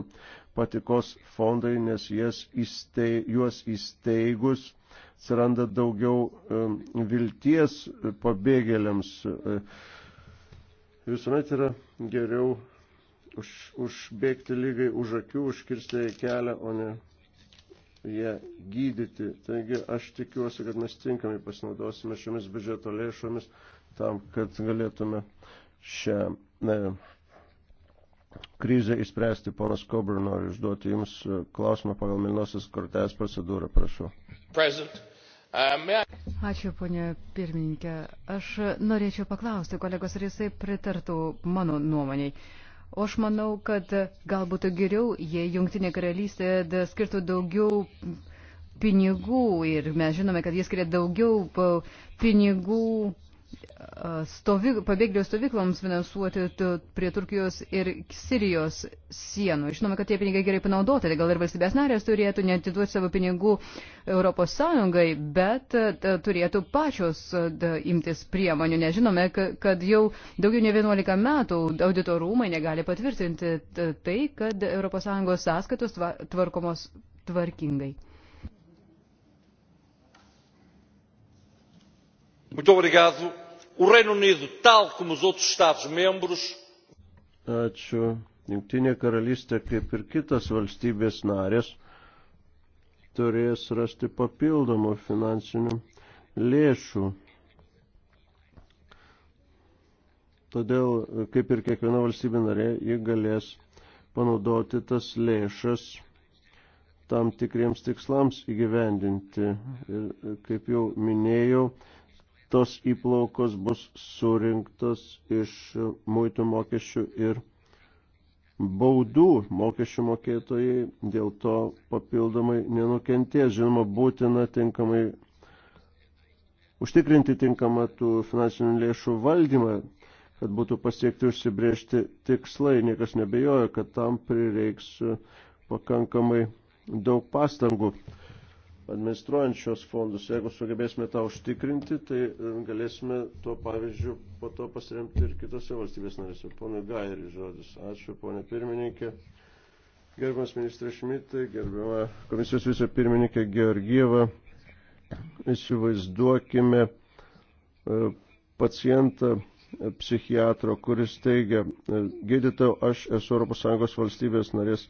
patikos fondai, nes įstei, juos įsteigus atsiranda daugiau um, vilties pabėgėliams. Visuomet yra geriau už, užbėgti lygai už akių, užkirsti kelią, o ne ją gydyti. Taigi aš tikiuosi, kad mes tinkamai pasinaudosime šiomis biudžeto lėšomis tam, kad galėtume šią ne, krizę išspręsti. Ponas Kobra nori išduoti Jums e, klausimą pagal Milnosios kortelės procedūrą, prašau. President. Uh, Ačiū, ponė pirmininkė. Aš norėčiau paklausti kolegos, ar jisai pritartų mano nuomoniai. O aš manau, kad gal būtų geriau, jei Junktinė karalystė skirtų daugiau pinigų ir mes žinome, kad jie skiria daugiau pinigų stovi, pabėgėlių stovykloms finansuoti prie Turkijos ir Sirijos sienų. Žinome, kad tie pinigai gerai panaudoti, tai gal ir valstybės narės turėtų netiduoti savo pinigų Europos Sąjungai, bet turėtų pačios imtis priemonių. Nežinome, kad jau daugiau ne 11 metų auditorumai negali patvirtinti tai, kad Europos Sąjungos sąskaitos tvarkomos tvarkingai. O Reino Unido, tal como os outros Estados-membros. Ačiū. Junktinė karalystė, kaip ir kitas valstybės narės, turės rasti papildomų finansinių lėšų. Todėl, kaip ir kiekviena valstybė narė, ji galės panaudoti tas lėšas tam tikriems tikslams įgyvendinti. Ir, kaip jau minėjau, tos įplaukos bus surinktos iš muitų mokesčių ir baudų mokesčių mokėtojai, dėl to papildomai nenukentės. Žinoma, būtina tinkamai užtikrinti tinkamą tų finansinių lėšų valdymą, kad būtų pasiekti užsibriežti tikslai. Niekas nebejoja, kad tam prireiks pakankamai daug pastangų administruojančios fondus. Jeigu sugebėsime tą užtikrinti, tai e, galėsime tuo pavyzdžiu po to pasiremti ir kitose valstybės narėse. Pone Gairi žodis. Ačiū, ponė pirmininkė. Gerbiamas ministras Šmitai, gerbiama komisijos vicepirmininkė Georgieva. Įsivaizduokime e, pacientą e, psichiatro, kuris teigia, gydytojau, aš esu ES valstybės narės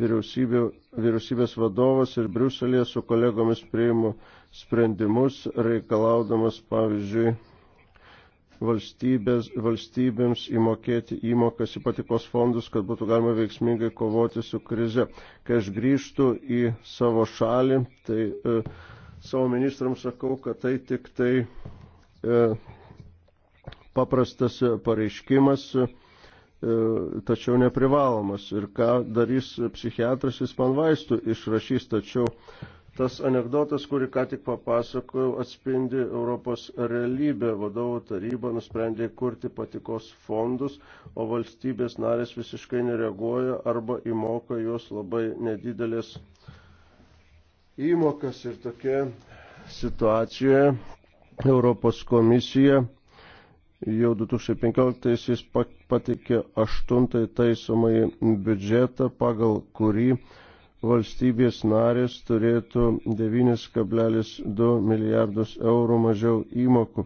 vyriausybės vadovas ir Briuselėje su kolegomis priimu sprendimus, reikalaudamas, pavyzdžiui, valstybėms įmokėti įmokas į patikos fondus, kad būtų galima veiksmingai kovoti su krize. Kai aš grįžtu į savo šalį, tai e, savo ministrams sakau, kad tai tik tai e, paprastas pareiškimas. E, E, tačiau neprivalomas. Ir ką darys psichiatras, jis man vaistų išrašys, tačiau tas anegdotas, kurį ką tik papasakojau, atspindi Europos realybę. Vadovų taryba nusprendė kurti patikos fondus, o valstybės narės visiškai nereaguoja arba įmoka juos labai nedidelės įmokas. Ir tokia situacijoje Europos komisija jau 2015-aisiais patikė aštuntąjį taisomąjį biudžetą, pagal kurį valstybės narės turėtų 9,2 milijardus eurų mažiau įmokų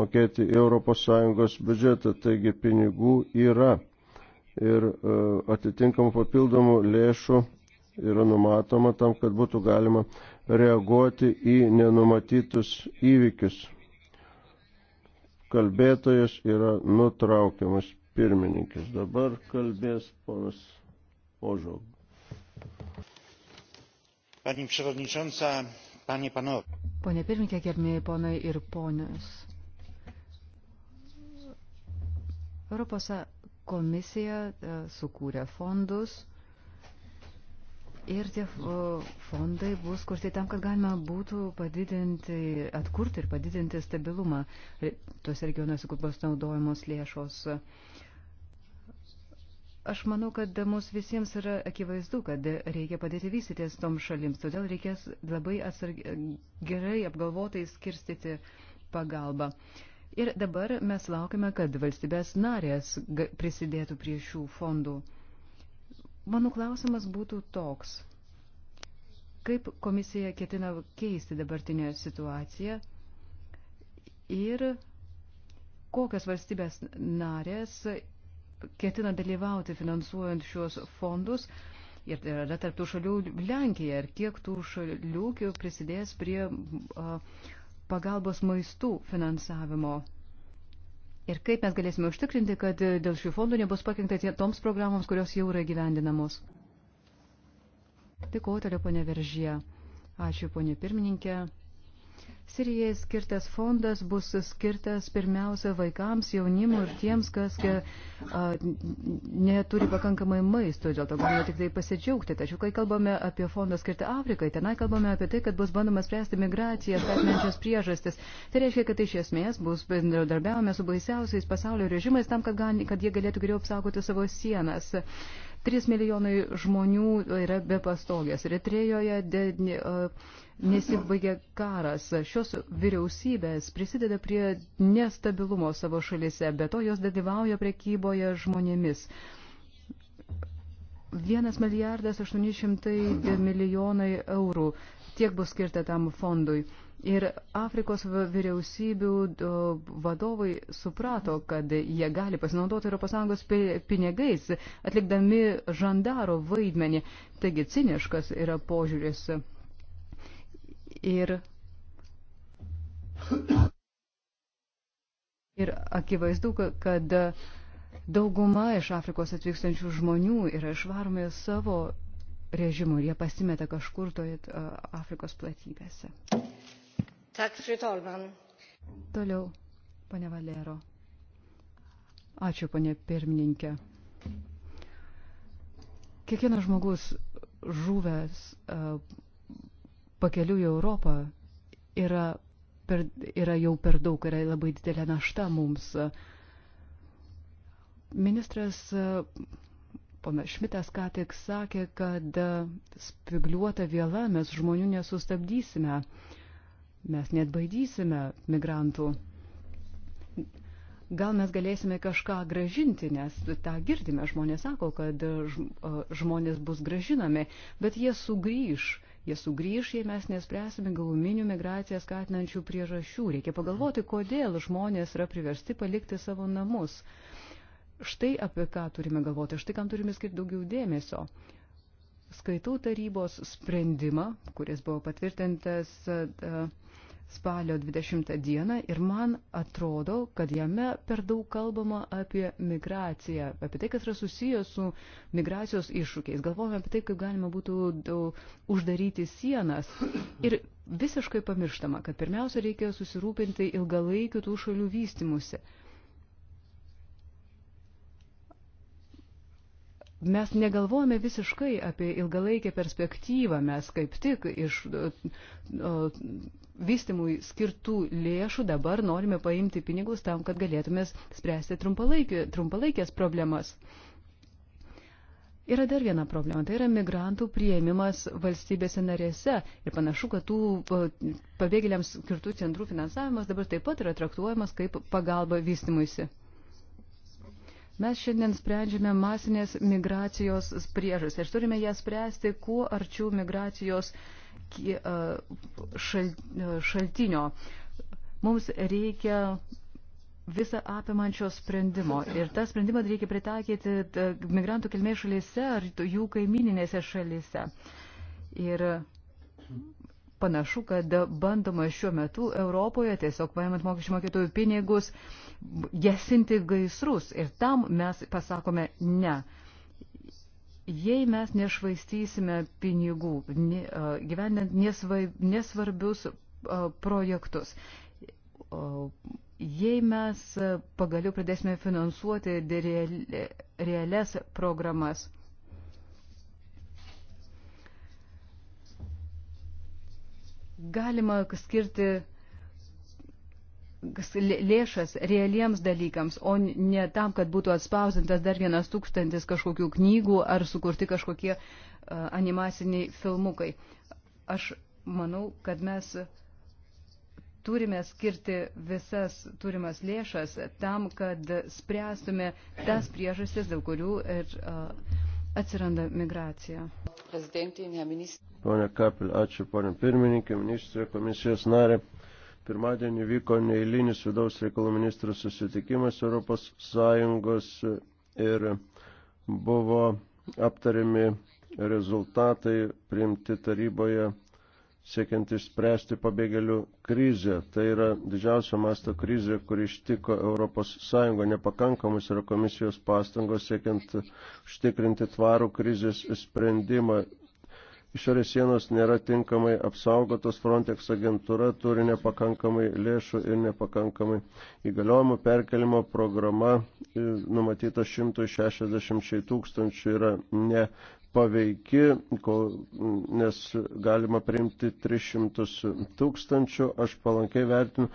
mokėti ES biudžetą, taigi pinigų yra ir e, atitinkamų papildomų lėšų yra numatoma tam, kad būtų galima reaguoti į nenumatytus įvykius kalbėtojas yra nutraukiamas pirmininkis. Dabar kalbės ponas Ožog. Pani Przewodnicząca, Panie Panowie. Pone pirmininkė, gerbėjai ponai ir ponios. Europos komisija e, sukūrė fondus Ir tie fondai bus kurti tam, kad galima būtų padidinti, atkurti ir padidinti stabilumą tuose regionuose, kur bus naudojamos lėšos. Aš manau, kad mums visiems yra akivaizdu, kad reikia padėti vystytis tom šalims, todėl reikės labai atsargiai, gerai apgalvotai skirstyti pagalbą. Ir dabar mes laukime, kad valstybės narės prisidėtų prie šių fondų. Mano klausimas būtų toks. Kaip komisija ketina keisti dabartinę situaciją ir kokias valstybės narės ketina dalyvauti finansuojant šios fondus ir tai yra tarptų šalių Lenkija ir kiek tų šalių prisidės prie pagalbos maistų finansavimo Ir kaip mes galėsime užtikrinti, kad e, dėl šių fondų nebus pakengta toms programoms, kurios jau yra gyvendinamos. Dėkuoju toliau, ponė Veržyje. Ačiū, ponė pirmininkė. Sirijai skirtas fondas bus skirtas pirmiausia vaikams, jaunimui ir tiems, kas ka, a, neturi pakankamai maisto, dėl to galime tik tai pasidžiaugti. Tačiau, kai kalbame apie fondą skirtą Afrikai, tenai kalbame apie tai, kad bus bandoma spręsti migraciją, skatinančias priežastis. Tai reiškia, kad iš esmės bus bendradarbiavome su baisiausiais pasaulio režimais tam, kad, gali, kad jie galėtų geriau apsaugoti savo sienas. 3 milijonai žmonių yra be pastogės. Eritrėjoje de, de, uh, nesibaigia karas. Šios vyriausybės prisideda prie nestabilumo savo šalise, be to jos dalyvauja prekyboje žmonėmis. Vienas milijardas 800 milijonai eurų tiek bus skirta tam fondui. Ir Afrikos vyriausybių vadovai suprato, kad jie gali pasinaudoti ES pinigais, atlikdami žandaro vaidmenį. Taigi ciniškas yra požiūris ir, ir akivaizdu, kad dauguma iš Afrikos atvykstančių žmonių yra išvaromi savo režimu ir jie pasimeta kažkur toje Afrikos platybėse. Tak, fru talman. Toliau, pane Valero. Ačiū, pane pirmininkė. Kiekvienas žmogus žuvęs uh, pakeliu į Europą yra, per, yra jau per daug, yra labai didelė našta mums. Ministras e, ponas Šmitas ką tik sakė, kad e, spigliuota viela mes žmonių nesustabdysime, mes net baidysime migrantų. Gal mes galėsime kažką gražinti, nes tą girdime, žmonės sako, kad e, žmonės bus gražinami, bet jie sugrįž Jie sugrįš, jei mes nespręsime galuminių migraciją skatinančių priežasčių. Reikia pagalvoti, kodėl žmonės yra priversti palikti savo namus. Štai apie ką turime galvoti, štai kam turime skirti daugiau dėmesio. Skaitau tarybos sprendimą, kuris buvo patvirtintas. Uh, spalio 20 dieną ir man atrodo, kad jame per daug kalbama apie migraciją, apie tai, kas yra susijęs su migracijos iššūkiais. Galvojame apie tai, kaip galima būtų uždaryti sienas. Ir visiškai pamirštama, kad pirmiausia reikia susirūpinti ilgalaikių tų šalių vystimusi. mes negalvojame visiškai apie ilgalaikę perspektyvą, mes kaip tik iš o, vystimui skirtų lėšų dabar norime paimti pinigus tam, kad galėtume spręsti trumpalaikės problemas. Yra dar viena problema, tai yra migrantų prieimimas valstybėse narėse ir panašu, kad tų pabėgėliams skirtų centrų finansavimas dabar taip pat yra traktuojamas kaip pagalba vystimuisi. Mes šiandien sprendžiame masinės migracijos priežas ir turime ją spręsti kuo arčiau migracijos uh, E, e, šaltinio. Mums reikia visą apimančio sprendimo. Ir tą sprendimą reikia pritaikyti e, migrantų kilmės šalyse ar jų kaimininėse šalyse. Ir panašu, kad bandoma šiuo metu Europoje tiesiog paimant mokesčių mokėtojų pinigus gesinti gaisrus. Ir tam mes pasakome ne. Jei mes nešvaistysime pinigų, ne, gyvenant nesva, nesvarbius projektus, jei mes pagaliau pradėsime finansuoti realias programas, galima skirti lėšas realiems dalykams, o ne tam, kad būtų atspausdintas dar vienas tūkstantis kažkokių knygų ar sukurti kažkokie animaciniai filmukai. Aš manau, kad mes turime skirti visas turimas lėšas tam, kad spręstume tas priežastis, dėl kurių ir atsiranda migracija. Pone Kapil, ačiū, pone pirmininkė, ministrė, komisijos narė. Pirmadienį vyko neįlinis vidaus reikalų ministrų susitikimas ES ir buvo aptariami rezultatai priimti taryboje siekiant išspręsti pabėgėlių krizę. Tai yra didžiausio masto krizė, kuri ištiko ES. Nepakankamus yra komisijos pastangos siekiant užtikrinti tvarų krizės sprendimą išorės sienos nėra tinkamai apsaugotos, Frontex agentūra turi nepakankamai lėšų ir nepakankamai įgaliojimų perkelimo programa e, numatyta 160 tūkstančių yra nepaveiki, nes galima priimti 300 tūkstančių, aš palankiai vertinu.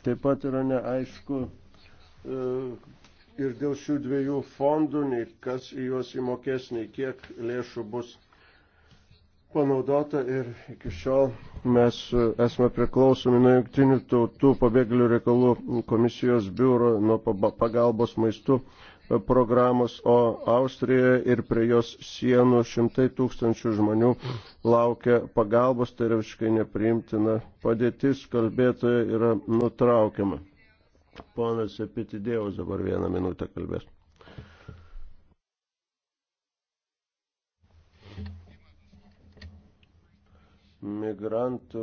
Taip pat yra neaišku, e, ir dėl šių dviejų fondų, nei kas į juos įmokės, nei kiek lėšų bus panaudota ir iki šiol mes esame priklausomi nuo jungtinių tautų pabėgėlių reikalų komisijos biuro, nuo pagalbos maistų programos, o Austrijoje ir prie jos sienų šimtai tūkstančių žmonių laukia pagalbos, tai yra visiškai nepriimtina padėtis, kalbėtoja yra nutraukiama. Ponas Epitidėjus dabar vieną minutę kalbės. Migrantų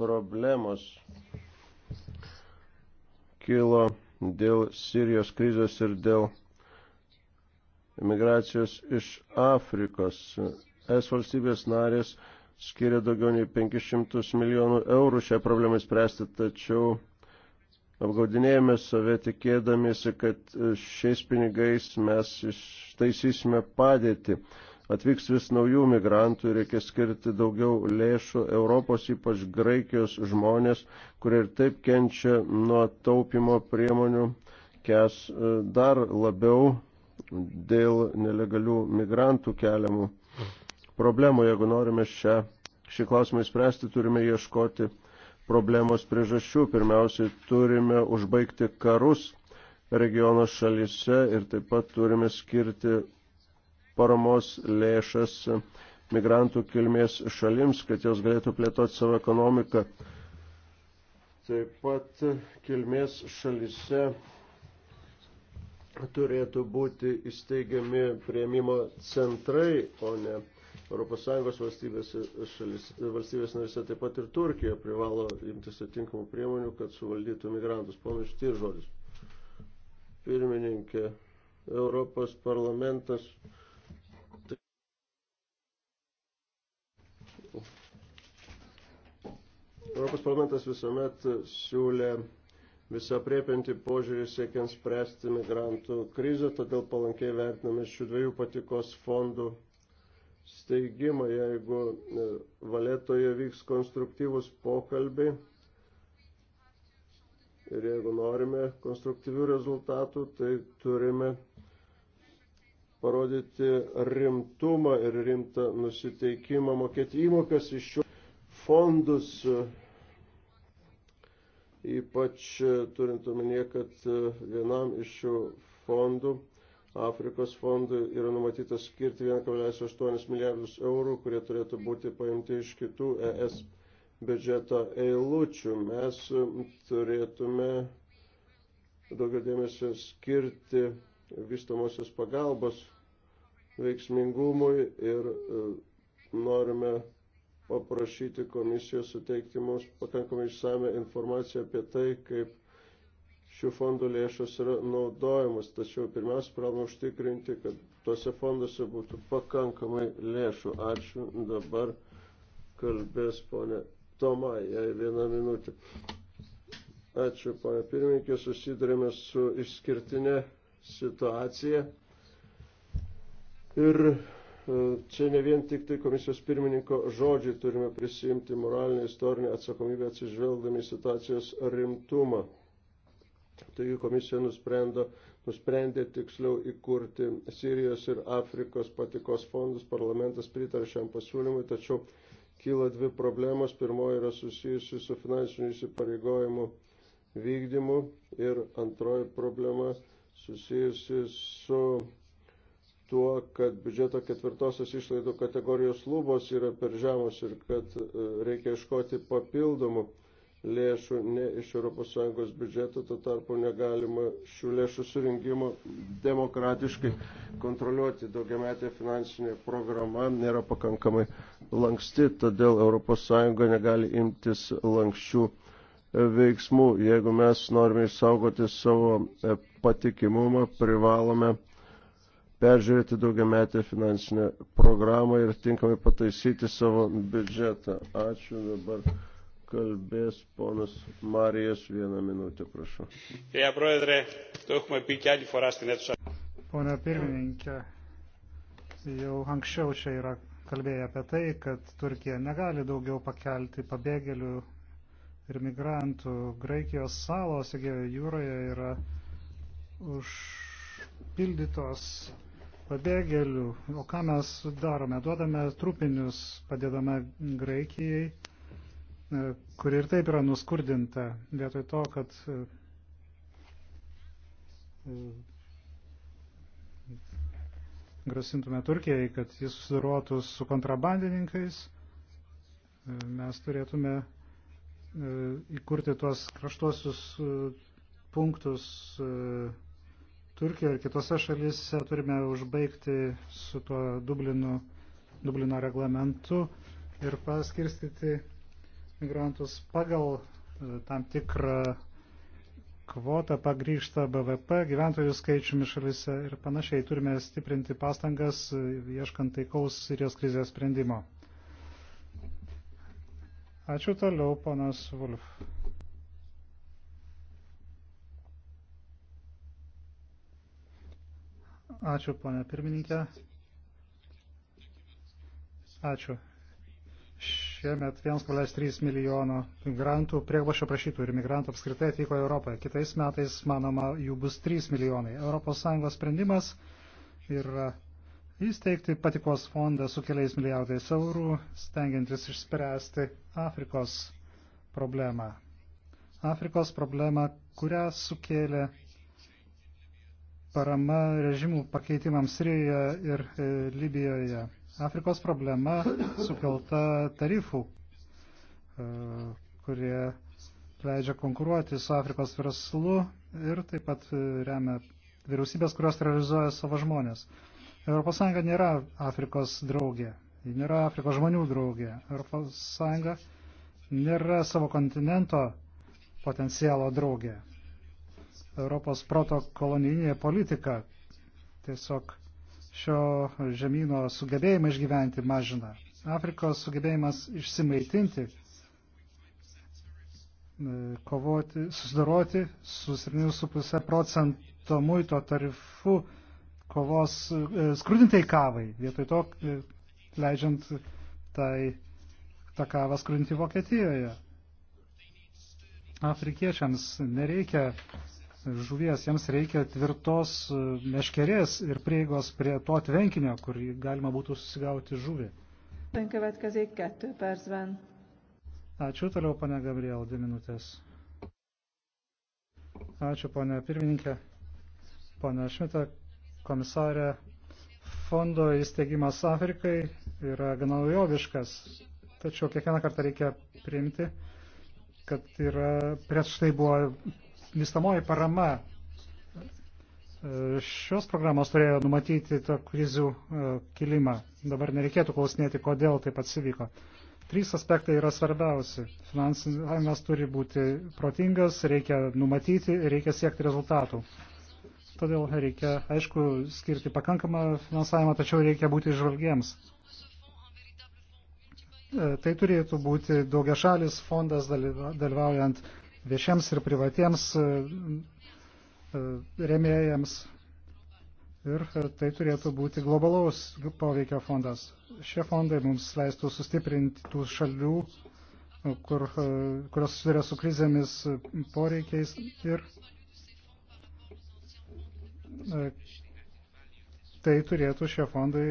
problemos kilo dėl Sirijos krizės ir dėl migracijos iš Afrikos. Es valstybės narės skiria daugiau nei 500 milijonų eurų šią problemą spręsti, tačiau apgaudinėjame save tikėdamiesi, kad e, šiais pinigais mes ištaisysime padėtį. Atvyks vis naujų migrantų ir reikia skirti daugiau lėšų Europos, ypač Graikijos žmonės, kurie ir taip kenčia nuo taupimo priemonių, kes e, dar labiau dėl nelegalių migrantų keliamų problemų. Jeigu norime šią, šį klausimą įspręsti, turime ieškoti problemos priežasčių. Pirmiausiai turime užbaigti karus regiono šalyse ir taip pat turime skirti paramos lėšas migrantų kilmės šalims, kad jos galėtų plėtoti savo ekonomiką. Taip pat kilmės šalyse turėtų būti įsteigiami prieimimo centrai, o ne ES valstybės, šalis, valstybės narise, taip pat ir Turkija privalo imtis atinkamų priemonių, kad suvaldytų migrantus. Pono Štyr žodis. Pirmininkė, Europos parlamentas. Europos parlamentas visuomet siūlė visapriepinti požiūrį siekiant spręsti migrantų krizę, todėl palankiai vertiname šių dviejų patikos fondų steigimą, jeigu e, valetoje vyks konstruktyvus pokalbiai. Ir jeigu norime konstruktyvių rezultatų, tai turime parodyti rimtumą ir rimtą nusiteikimą mokėti įmokas iš šių fondus, ypač e, turint omenyje, kad e, vienam iš šių fondų Afrikos fondui yra numatytas skirti 1,8 milijardus eurų, kurie turėtų būti paimti iš kitų ES biudžeto eilučių. Mes turėtume daugiau dėmesio skirti vystamosios pagalbos veiksmingumui ir e, norime paprašyti komisijos suteikti mums pakankamai išsame informaciją apie tai, kaip šių fondų lėšos yra naudojamas, tačiau pirmiausia, pravom užtikrinti, kad tose fondose būtų pakankamai lėšų. Ačiū, dabar kalbės ponė Toma, jai vieną minutę. Ačiū, ponė pirmininkė, susidurėme su išskirtinė situacija. Ir e, čia ne vien tik tai komisijos pirmininko žodžiai turime prisimti moralinę istorinę atsakomybę atsižvelgdami situacijos rimtumą. Taigi komisija nusprendė, nusprendė tiksliau įkurti Sirijos ir Afrikos patikos fondus. Parlamentas pritarė šiam pasiūlymui, tačiau kyla dvi problemos. Pirmoji yra susijusi su finansiniu įsipareigojimu vykdymu ir antroji problema susijusi su tuo, kad biudžeto ketvirtosios išlaidų kategorijos lubos yra per žemos ir kad e, reikia iškoti papildomų lėšų ne iš ES biudžeto, to tarpu negalima šių lėšų surinkimo demokratiškai kontroliuoti. Daugiametė finansinė programa nėra pakankamai lanksti, todėl ES negali imtis lankščių e, veiksmų. Jeigu mes norime išsaugoti savo e, patikimumą, privalome peržiūrėti daugiametę finansinę programą ir tinkamai pataisyti savo biudžetą. Ačiū dabar kalbės ponas Marijas vieną minutę, prašau. Pone pirmininkė, jau anksčiau čia yra kalbėję apie tai, kad Turkija negali daugiau pakelti pabėgėlių ir migrantų. Graikijos salos Egėjo jūroje yra užpildytos pabėgėlių. O ką mes darome? Duodame trupinius, padedame Graikijai E, kuri ir taip yra nuskurdinta, vietoj to, kad e, e, grasintume Turkijai, kad jis susidurotų su kontrabandininkais, mes turėtume įkurti tuos kraštuosius punktus Turkijoje ir kitose šalyse turime užbaigti su tuo Dublinu, Dublino reglamentu ir paskirstyti migrantus pagal e, tam tikrą kvotą pagrįžta BVP, gyventojų skaičiumi šalise ir panašiai. Turime stiprinti pastangas, e, ieškant taikaus Sirijos krizės sprendimo. Ačiū toliau, ponas Vulf. Ačiū, ponė pirmininkė. Ačiū. Šiemet 1,3 milijono migrantų, prieglašio prašytų ir migrantų apskritai atvyko į Europą. Kitais metais, manoma, jų bus 3 milijonai. ES sprendimas yra įsteigti patikos fondą su keliais milijardais eurų, stengiantis išspręsti Afrikos problemą. Afrikos problemą, kurią sukėlė parama režimų pakeitimams Sirijoje ir e, Libijoje. Afrikos problema sukelta tarifų, e, kurie leidžia konkuruoti su Afrikos verslu ir taip pat e, remia vyriausybės, kurios terrorizuoja savo žmonės. ES nėra Afrikos draugė, ji nėra Afrikos žmonių draugė. ES nėra savo kontinento potencialo draugė. Europos proto kolonijinė politika tiesiog šio žemynų sugebėjimą išgyventi mažina. Afrikos sugebėjimas išsimaitinti, e, kovoti, susidaroti su 7,5 procento muito tarifu kovos e, skrudintai kavai, vietoj to e, leidžiant tai tą kavą skrudinti Vokietijoje. Afrikiečiams nereikia žuvies, jiems reikia tvirtos e, meškerės ir prieigos prie to tvenkinio, kur galima būtų susigauti žuvį. Ačiū toliau, pane Gabriel, dvi minutės. Ačiū, pane pirmininkė, pane Šmita, komisarė. Fondo įsteigimas Afrikai yra gana naujoviškas, tačiau kiekvieną kartą reikia priimti, kad yra, prieš tai buvo vystamoji parama. E, šios programos turėjo numatyti tą krizių e, kilimą. Dabar nereikėtų klausinėti, kodėl taip atsivyko. Trys aspektai yra svarbiausi. Finansavimas turi būti protingas, reikia numatyti, reikia siekti rezultatų. Todėl reikia, aišku, skirti pakankamą finansavimą, tačiau reikia būti žvalgiems. E, tai turėtų būti daugiašalis fondas dalyvaujant viešiems ir privatiems e, e, remėjams. Ir e, tai turėtų būti globalaus poveikio fondas. Šie fondai mums leistų sustiprinti tų šalių, kur, kurios susiduria su krizėmis poreikiais ir tai turėtų šie fondai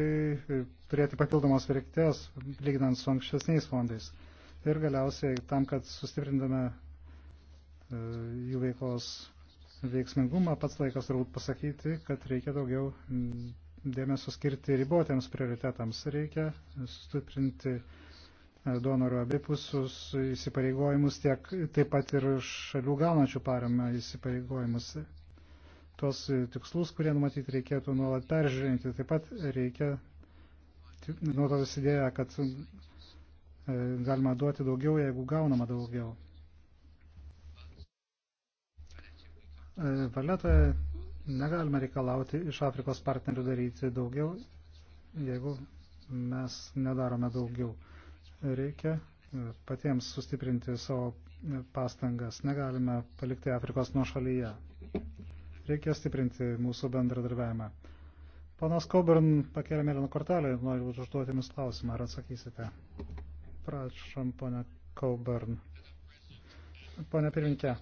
turėti papildomos vertės, lyginant su ankstesniais fondais. Ir galiausiai tam, kad sustiprintume jų veiklos veiksmingumą, pats laikas turbūt pasakyti, kad reikia daugiau dėmesio skirti ribotiems prioritetams. Reikia sustiprinti e, donorų abipusius įsipareigojimus, tiek taip pat ir šalių gaunančių paramą įsipareigojimus. Tuos e, tikslus, kurie numatyti, reikėtų nuolat peržiūrinti. Taip pat reikia nuotos idėją, kad e, galima duoti daugiau, jeigu gaunama daugiau. valetoje negalime reikalauti iš Afrikos partnerių daryti daugiau, jeigu mes nedarome daugiau. Reikia patiems sustiprinti savo pastangas. Negalime palikti Afrikos nuo šalyje. Reikia stiprinti mūsų bendradarbiavimą. Panas Coburn pakėlė mėlyną kortelę ir noriu užduoti jums klausimą, ar atsakysite. Prašom, ponia Coburn. Pone pirminkė,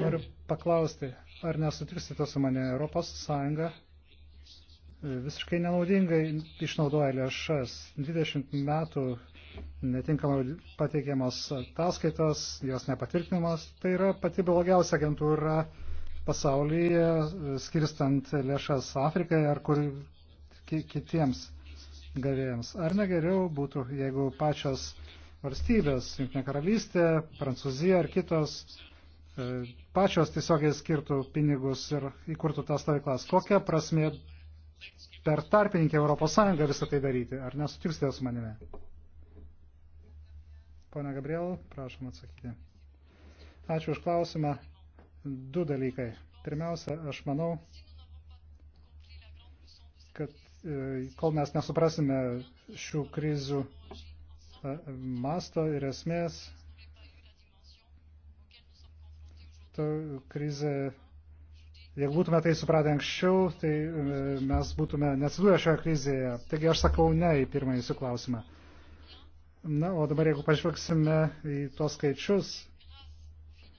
Noriu paklausti, ar nesutiksite su mane, Europos Sąjunga e, visiškai nenaudingai išnaudoja lėšas. 20 metų netinkamai pateikiamos ataskaitos, jos nepatvirtinimas. Tai yra pati blogiausia agentūra pasaulyje, e, skirstant lėšas Afrikai ar kur kitiems gavėjams. Ar negeriau būtų, jeigu pačios valstybės, Junktinė karalystė, Prancūzija ar kitos E, pačios tiesiogiai skirtų pinigus ir įkurtų tas stovyklas. Kokia prasmė per tarpininkę Europos Sąjungą visą tai daryti? Ar nesutiksite su manimi? Pone Gabriel, prašom atsakyti. Ačiū už klausimą. Du dalykai. Pirmiausia, aš manau, kad e, kol mes nesuprasime šių krizių e, masto ir esmės, krizė, jeigu būtume tai supratę anksčiau, tai e, mes būtume nesidūrę šioje krizėje. Taigi aš sakau ne į pirmąjį jūsų klausimą. Na, o dabar jeigu pažvelgsime į tuos skaičius,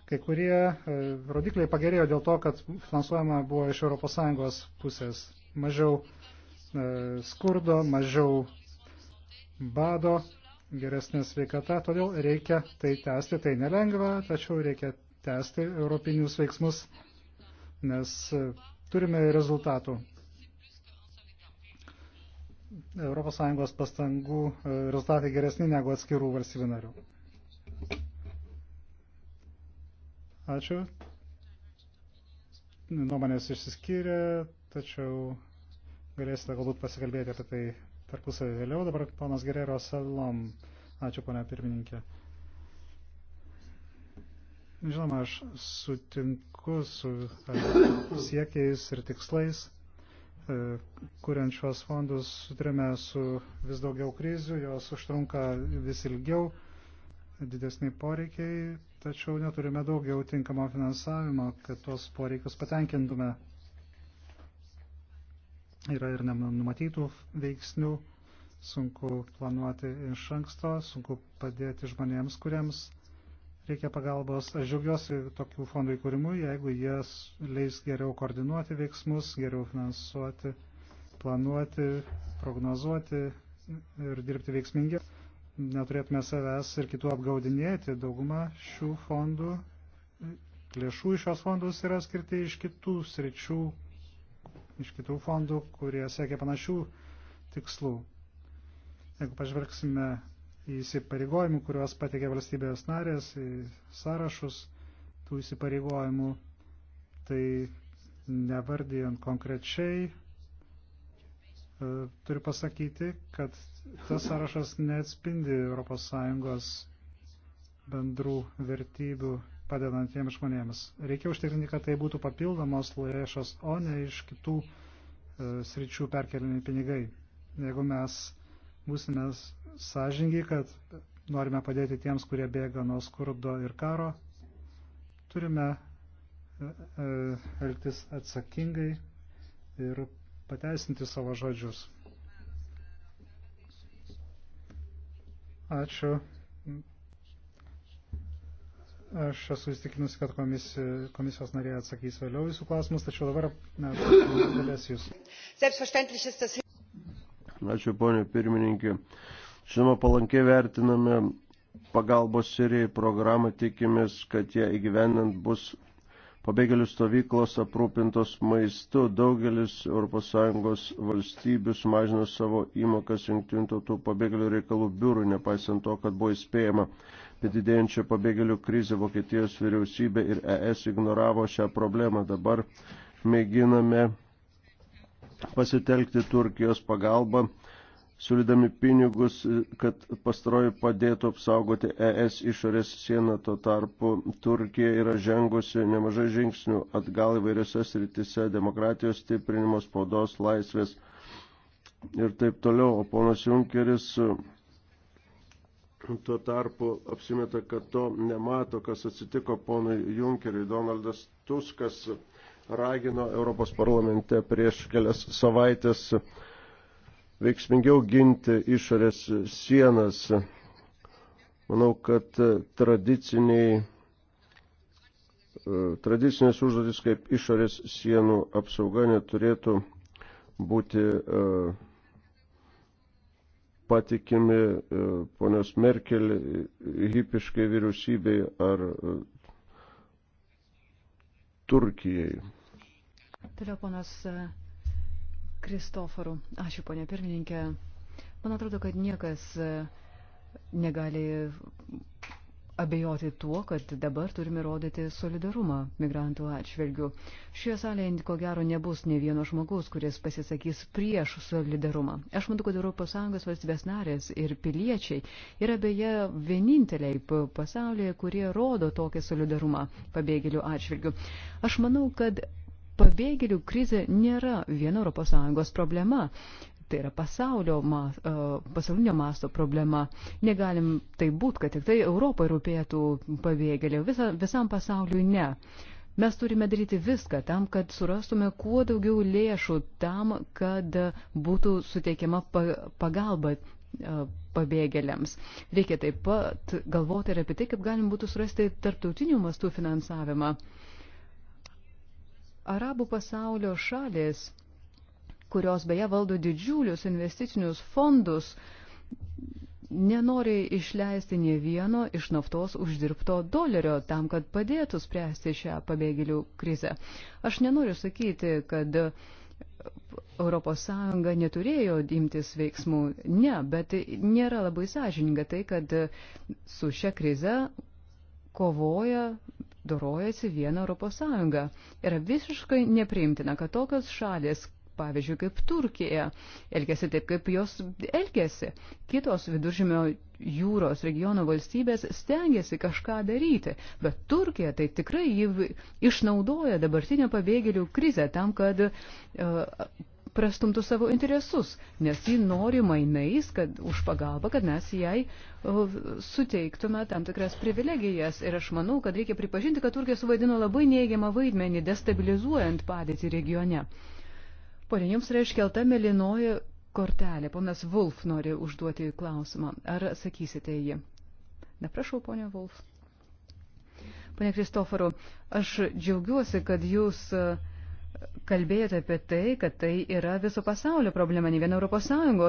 kai kurie e, rodikliai pagerėjo dėl to, kad finansuojama buvo iš ES pusės. Mažiau e, skurdo, mažiau bado, geresnė sveikata, todėl reikia tai tęsti, tai nelengva, tačiau reikia tęsti europinius veiksmus, nes e, turime rezultatų. ES pastangų e, rezultatai geresni negu atskirų valstybių narių. Ačiū. Nuomonės išsiskyrė, tačiau galėsite galbūt pasikalbėti apie tai tarpusavį vėliau. Dabar ponas Gerero Salom. Ačiū, ponia pirmininkė. Žinoma, aš sutinku su e, siekiais ir tikslais, e, kuriančios fondus sutrėme su vis daugiau krizių, jos užtrunka vis ilgiau, didesni poreikiai, tačiau neturime daugiau tinkamo finansavimo, kad tuos poreikius patenkintume. Yra ir nenumatytų veiksnių, sunku planuoti iš anksto, sunku padėti žmonėms, kuriems reikia pagalbos. Aš džiaugiuosi tokių fondų įkūrimų, jeigu jas leis geriau koordinuoti veiksmus, geriau finansuoti, planuoti, prognozuoti ir dirbti veiksmingiau. Neturėtume savęs ir kitų apgaudinėti. Dauguma šių fondų, lėšų iš šios fondus yra skirti iš kitų sričių, iš kitų fondų, kurie siekia panašių tikslų. Jeigu pažvelgsime įsipareigojimų, kuriuos patikė valstybės narės, sąrašus tų įsipareigojimų, tai nevardijant konkrečiai, e, turiu pasakyti, kad tas sąrašas neatspindi ES bendrų vertybių padedant tiems žmonėms. Reikia užtikrinti, kad tai būtų papildomos lėšos, o ne iš kitų e, sričių perkeliami pinigai. Jeigu mes būsime sąžingi, kad norime padėti tiems, kurie bėga nuo skurdo ir karo. Turime e, e, elgtis atsakingai ir pateisinti savo žodžius. Ačiū. Aš esu įstikinusi, kad komisijos, komisijos narė atsakys vėliau visų klausimus, tačiau dabar ne, galės jūs. Ačiū, ponė pirmininkė. Žinoma, palankiai vertiname pagalbos Sirijai programą, tikimės, kad jie įgyvenant bus pabėgėlių stovyklos aprūpintos maistu. Daugelis ES valstybių sumažino savo įmokas jungtinių tautų pabėgėlių reikalų biurų, nepaisant to, kad buvo įspėjama apie didėjančią pabėgėlių krizę Vokietijos vyriausybė ir ES ignoravo šią problemą. Dabar mėginame pasitelkti Turkijos pagalbą, siūlydami pinigus, kad pastaroji padėtų apsaugoti ES išorės sieną. Tuo tarpu Turkija yra žengusi nemažai žingsnių atgal įvairiose sritise - demokratijos stiprinimo, spaudos, laisvės ir taip toliau. O ponas Junkeris tuo tarpu apsimeta, kad to nemato, kas atsitiko ponui Junkeriui. Donaldas Tuskas ragino Europos parlamente prieš kelias savaitės veiksmingiau ginti išorės sienas. Manau, kad tradiciniai e, tradicinės užduotis kaip išorės sienų apsauga neturėtų būti e, patikimi e, ponios Merkel hipiškai vyriausybei ar Turkijai. Toliau ponas e, Kristoforų. Ačiū, ponė pirmininkė. Man atrodo, kad niekas e, negali abejoti tuo, kad dabar turime rodyti solidarumą migrantų atšvelgių. Šioje salėje, ko gero, nebus ne vieno žmogaus, kuris pasisakys prieš solidarumą. Aš manau, kad ES valstybės narės ir piliečiai yra beje vieninteliai pasaulyje, kurie rodo tokį solidarumą pabėgėlių atšvelgių. Aš manau, kad pabėgėlių krizė nėra viena ES problema. Tai yra pasaulio, mas, e, pasaulinio masto problema. Negalim tai būti, kad tik tai Europai rūpėtų pabėgėlių, Visa, visam pasauliui ne. Mes turime daryti viską tam, kad surastume kuo daugiau lėšų tam, kad būtų suteikiama pagalba e, pabėgėliams. Reikia taip pat galvoti ir apie tai, kaip galim būtų surasti tarptautinių mastų finansavimą. Uh, Arabų pasaulio šalis, kurios beje valdo didžiulius investicinius fondus, nenori išleisti ne vieno iš naftos uždirbto dolerio tam, kad padėtų spręsti šią pabėgėlių krizę. Aš nenoriu sakyti, kad ES neturėjo imtis veiksmų. Ne, bet nėra labai sąžininga tai, kad su šia krize kovoja dorojasi viena Europos Sąjunga. Yra visiškai nepriimtina, kad tokios šalės, pavyzdžiui, kaip Turkija, elgesi taip, kaip jos elgesi. Kitos viduržymio jūros regiono valstybės stengiasi kažką daryti, bet Turkija tai tikrai išnaudoja dabartinę pabėgėlių krizę tam, kad uh, prastumtų savo interesus, nes ji nori mainais, kad už pagalbą, kad mes jai suteiktume tam tikras privilegijas. Ir aš manau, kad reikia pripažinti, kad Turkija suvaidino labai neigiamą vaidmenį, destabilizuojant padėtį regione. Pone, jums yra iškelta melinoji kortelė. Ponas Wolf nori užduoti klausimą. Ar sakysite jį? Neprašau, ponė Wolf. Pane Kristoforu, aš džiaugiuosi, kad jūs uh, kalbėjote apie tai, kad tai yra viso pasaulio problema, ne viena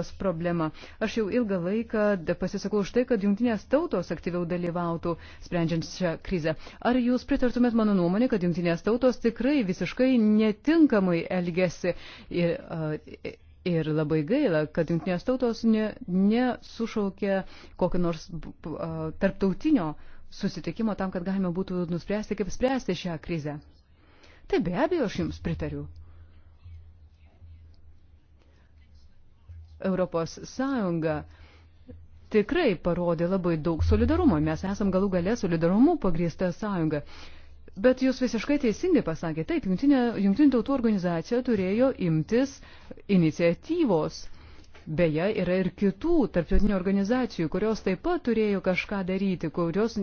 ES problema. Aš jau ilgą laiką pasisakau už tai, kad jungtinės tautos aktyviau dalyvautų sprendžiant šią krizę. Ar jūs pritartumėt mano nuomonė, kad jungtinės tautos tikrai visiškai netinkamai elgesi ir, ir labai gaila, kad jungtinės tautos nesušaukė ne, ne kokio nors tarptautinio susitikimo tam, kad galima būtų nuspręsti, kaip spręsti šią krizę? Tai be abejo, aš jums pritariu. Europos Sąjunga tikrai parodė labai daug solidarumo. Mes esam galų gale solidarumu pagrįsta sąjunga. Bet jūs visiškai teisingai pasakėte, taip, jungtinė, jungtinių tautų organizacija turėjo imtis iniciatyvos Beje, yra ir kitų tarptautinių organizacijų, kurios taip pat turėjo kažką daryti, kurios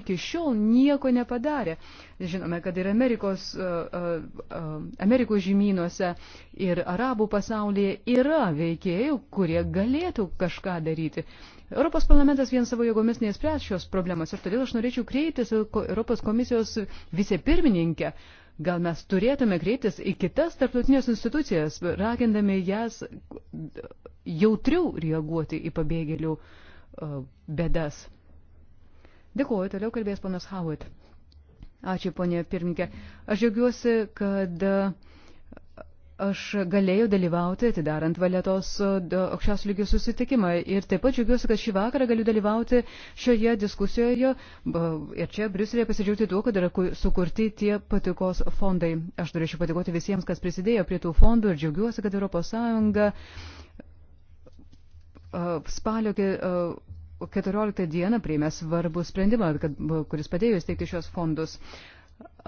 iki šiol nieko nepadarė. Žinome, kad ir Amerikos, Amerikos žemynuose ir arabų pasaulyje yra veikėjų, kurie galėtų kažką daryti. Europos parlamentas vien savo jėgomis neįspręs šios problemos ir todėl aš norėčiau kreiptis Europos komisijos vicepirmininkę Gal mes turėtume kreiptis į kitas tarptautinės institucijas, ragindami jas jautriau reaguoti į pabėgėlių uh, bedas. Dėkuoju, toliau kalbės ponas Howitt. Ačiū, ponė pirmininkė. Aš džiaugiuosi, kad uh, Aš galėjau dalyvauti atidarant valetos e, aukščiausių lygių susitikimą ir taip pat džiugiuosi, kad šį vakarą galiu dalyvauti šioje diskusijoje ir čia Briuselėje pasidžiaugti tuo, kad yra sukurti tie patikos fondai. Aš norėčiau patikoti visiems, kas prisidėjo prie tų fondų ir džiaugiuosi, kad ES e, spalio 14 e, dieną priėmė svarbų sprendimą, kad, kuris padėjo įsteigti šios fondus.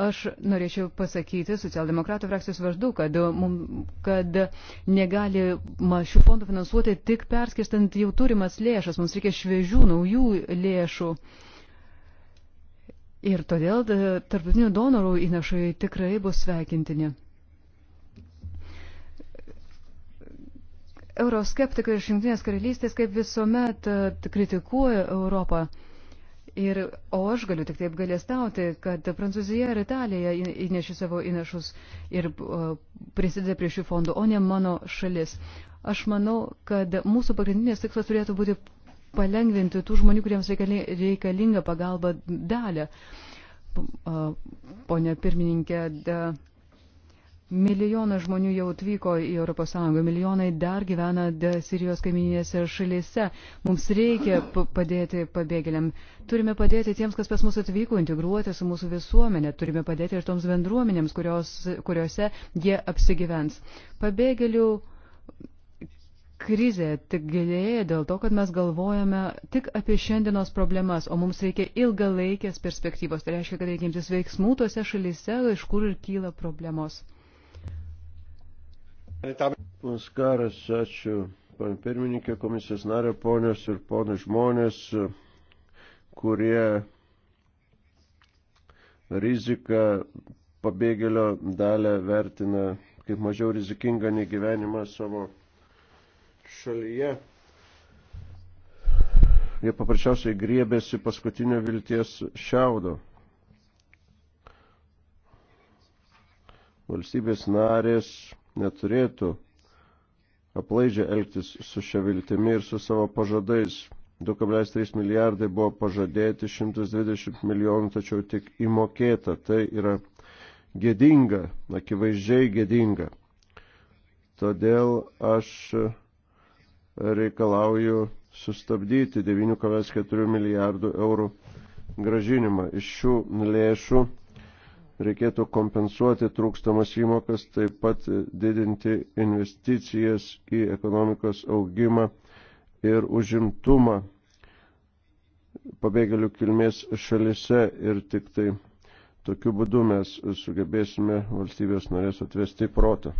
Aš norėčiau pasakyti socialdemokratų frakcijos vardu, kad, mum, kad negali šių fondų finansuoti tik perskirstant jau turimas lėšas. Mums reikia šviežių, naujų lėšų. Ir todėl e, tarptautinių donorų įnašai tikrai bus sveikintini. Euroskeptikai iš Junktinės karalystės kaip visuomet e, kritikuoja Europą. Ir, o aš galiu tik taip galėstauti, kad Prancūzija ir Italija įneši savo įnašus ir prisideda prie šių fondų, o ne mano šalis. Aš manau, kad mūsų pagrindinės tikslas turėtų būti palengvinti tų žmonių, kuriems reikalinga pagalba dalę. Pone pirmininkė, Milijonai žmonių jau atvyko į ES, milijonai dar gyvena Sirijos kaiminėse šalyse. Mums reikia padėti pabėgėliam. Turime padėti tiems, kas pas mus atvyko, integruoti su mūsų visuomenė. Turime padėti ir toms bendruomenėms, kurios, kuriuose jie apsigyvens. Pabėgėlių krizė tik gilėja dėl to, kad mes galvojame tik apie šiandienos problemas, o mums reikia ilgalaikės perspektyvos. Tai reiškia, kad reikia imtis veiksmų tose šalyse, iš kur ir kyla problemos. Maskaras, ačiū. Pane pirmininkė, komisijos narė, ponios ir ponai žmonės, kurie riziką pabėgėlio dalę vertina kaip mažiau rizikingą nei gyvenimą savo šalyje. Jie paprasčiausiai griebėsi paskutinio vilties šiaudo. Valstybės narės neturėtų aplaidžiai elgtis su šia viltimi ir su savo pažadais. 2,3 milijardai buvo pažadėti, 120 milijonų, tačiau tik įmokėta. Tai yra gėdinga, akivaizdžiai gėdinga. Todėl aš reikalauju sustabdyti 9,4 milijardų eurų gražinimą. Iš šių lėšų reikėtų kompensuoti trūkstamas įmokas, taip pat didinti investicijas į ekonomikos augimą ir užimtumą pabėgėlių kilmės šalise ir tik tai tokiu būdu mes sugebėsime valstybės norės atvesti protą.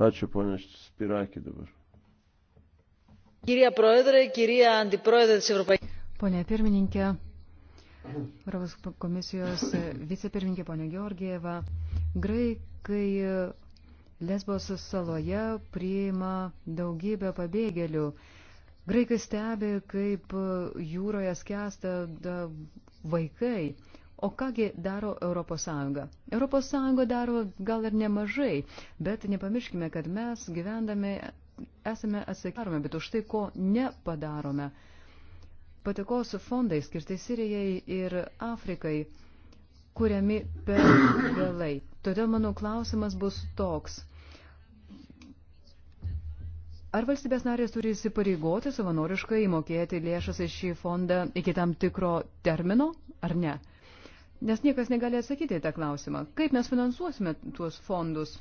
Ačiū, ponė Spirakį dabar. Kyrie Proedrė, kyrie Antiproedrė, Pone pirmininkė, Europos komisijos vicepirmininkė ponė Georgieva. Graikai Lesbos saloje priima daugybę pabėgėlių. Graikai stebi, kaip jūroje skęsta vaikai. O kągi daro Europos Sąjunga? Europos Sąjunga daro gal ir nemažai, bet nepamirškime, kad mes gyvendami esame atsakarome, bet už tai, ko nepadarome patikos fondai skirti Sirijai ir Afrikai kuriami per *coughs* vėlai. Todėl mano klausimas bus toks. Ar valstybės narės turi įsipareigoti savanoriškai įmokėti lėšas į šį fondą iki tam tikro termino, ar ne? Nes niekas negali atsakyti į tą klausimą. Kaip mes finansuosime tuos fondus?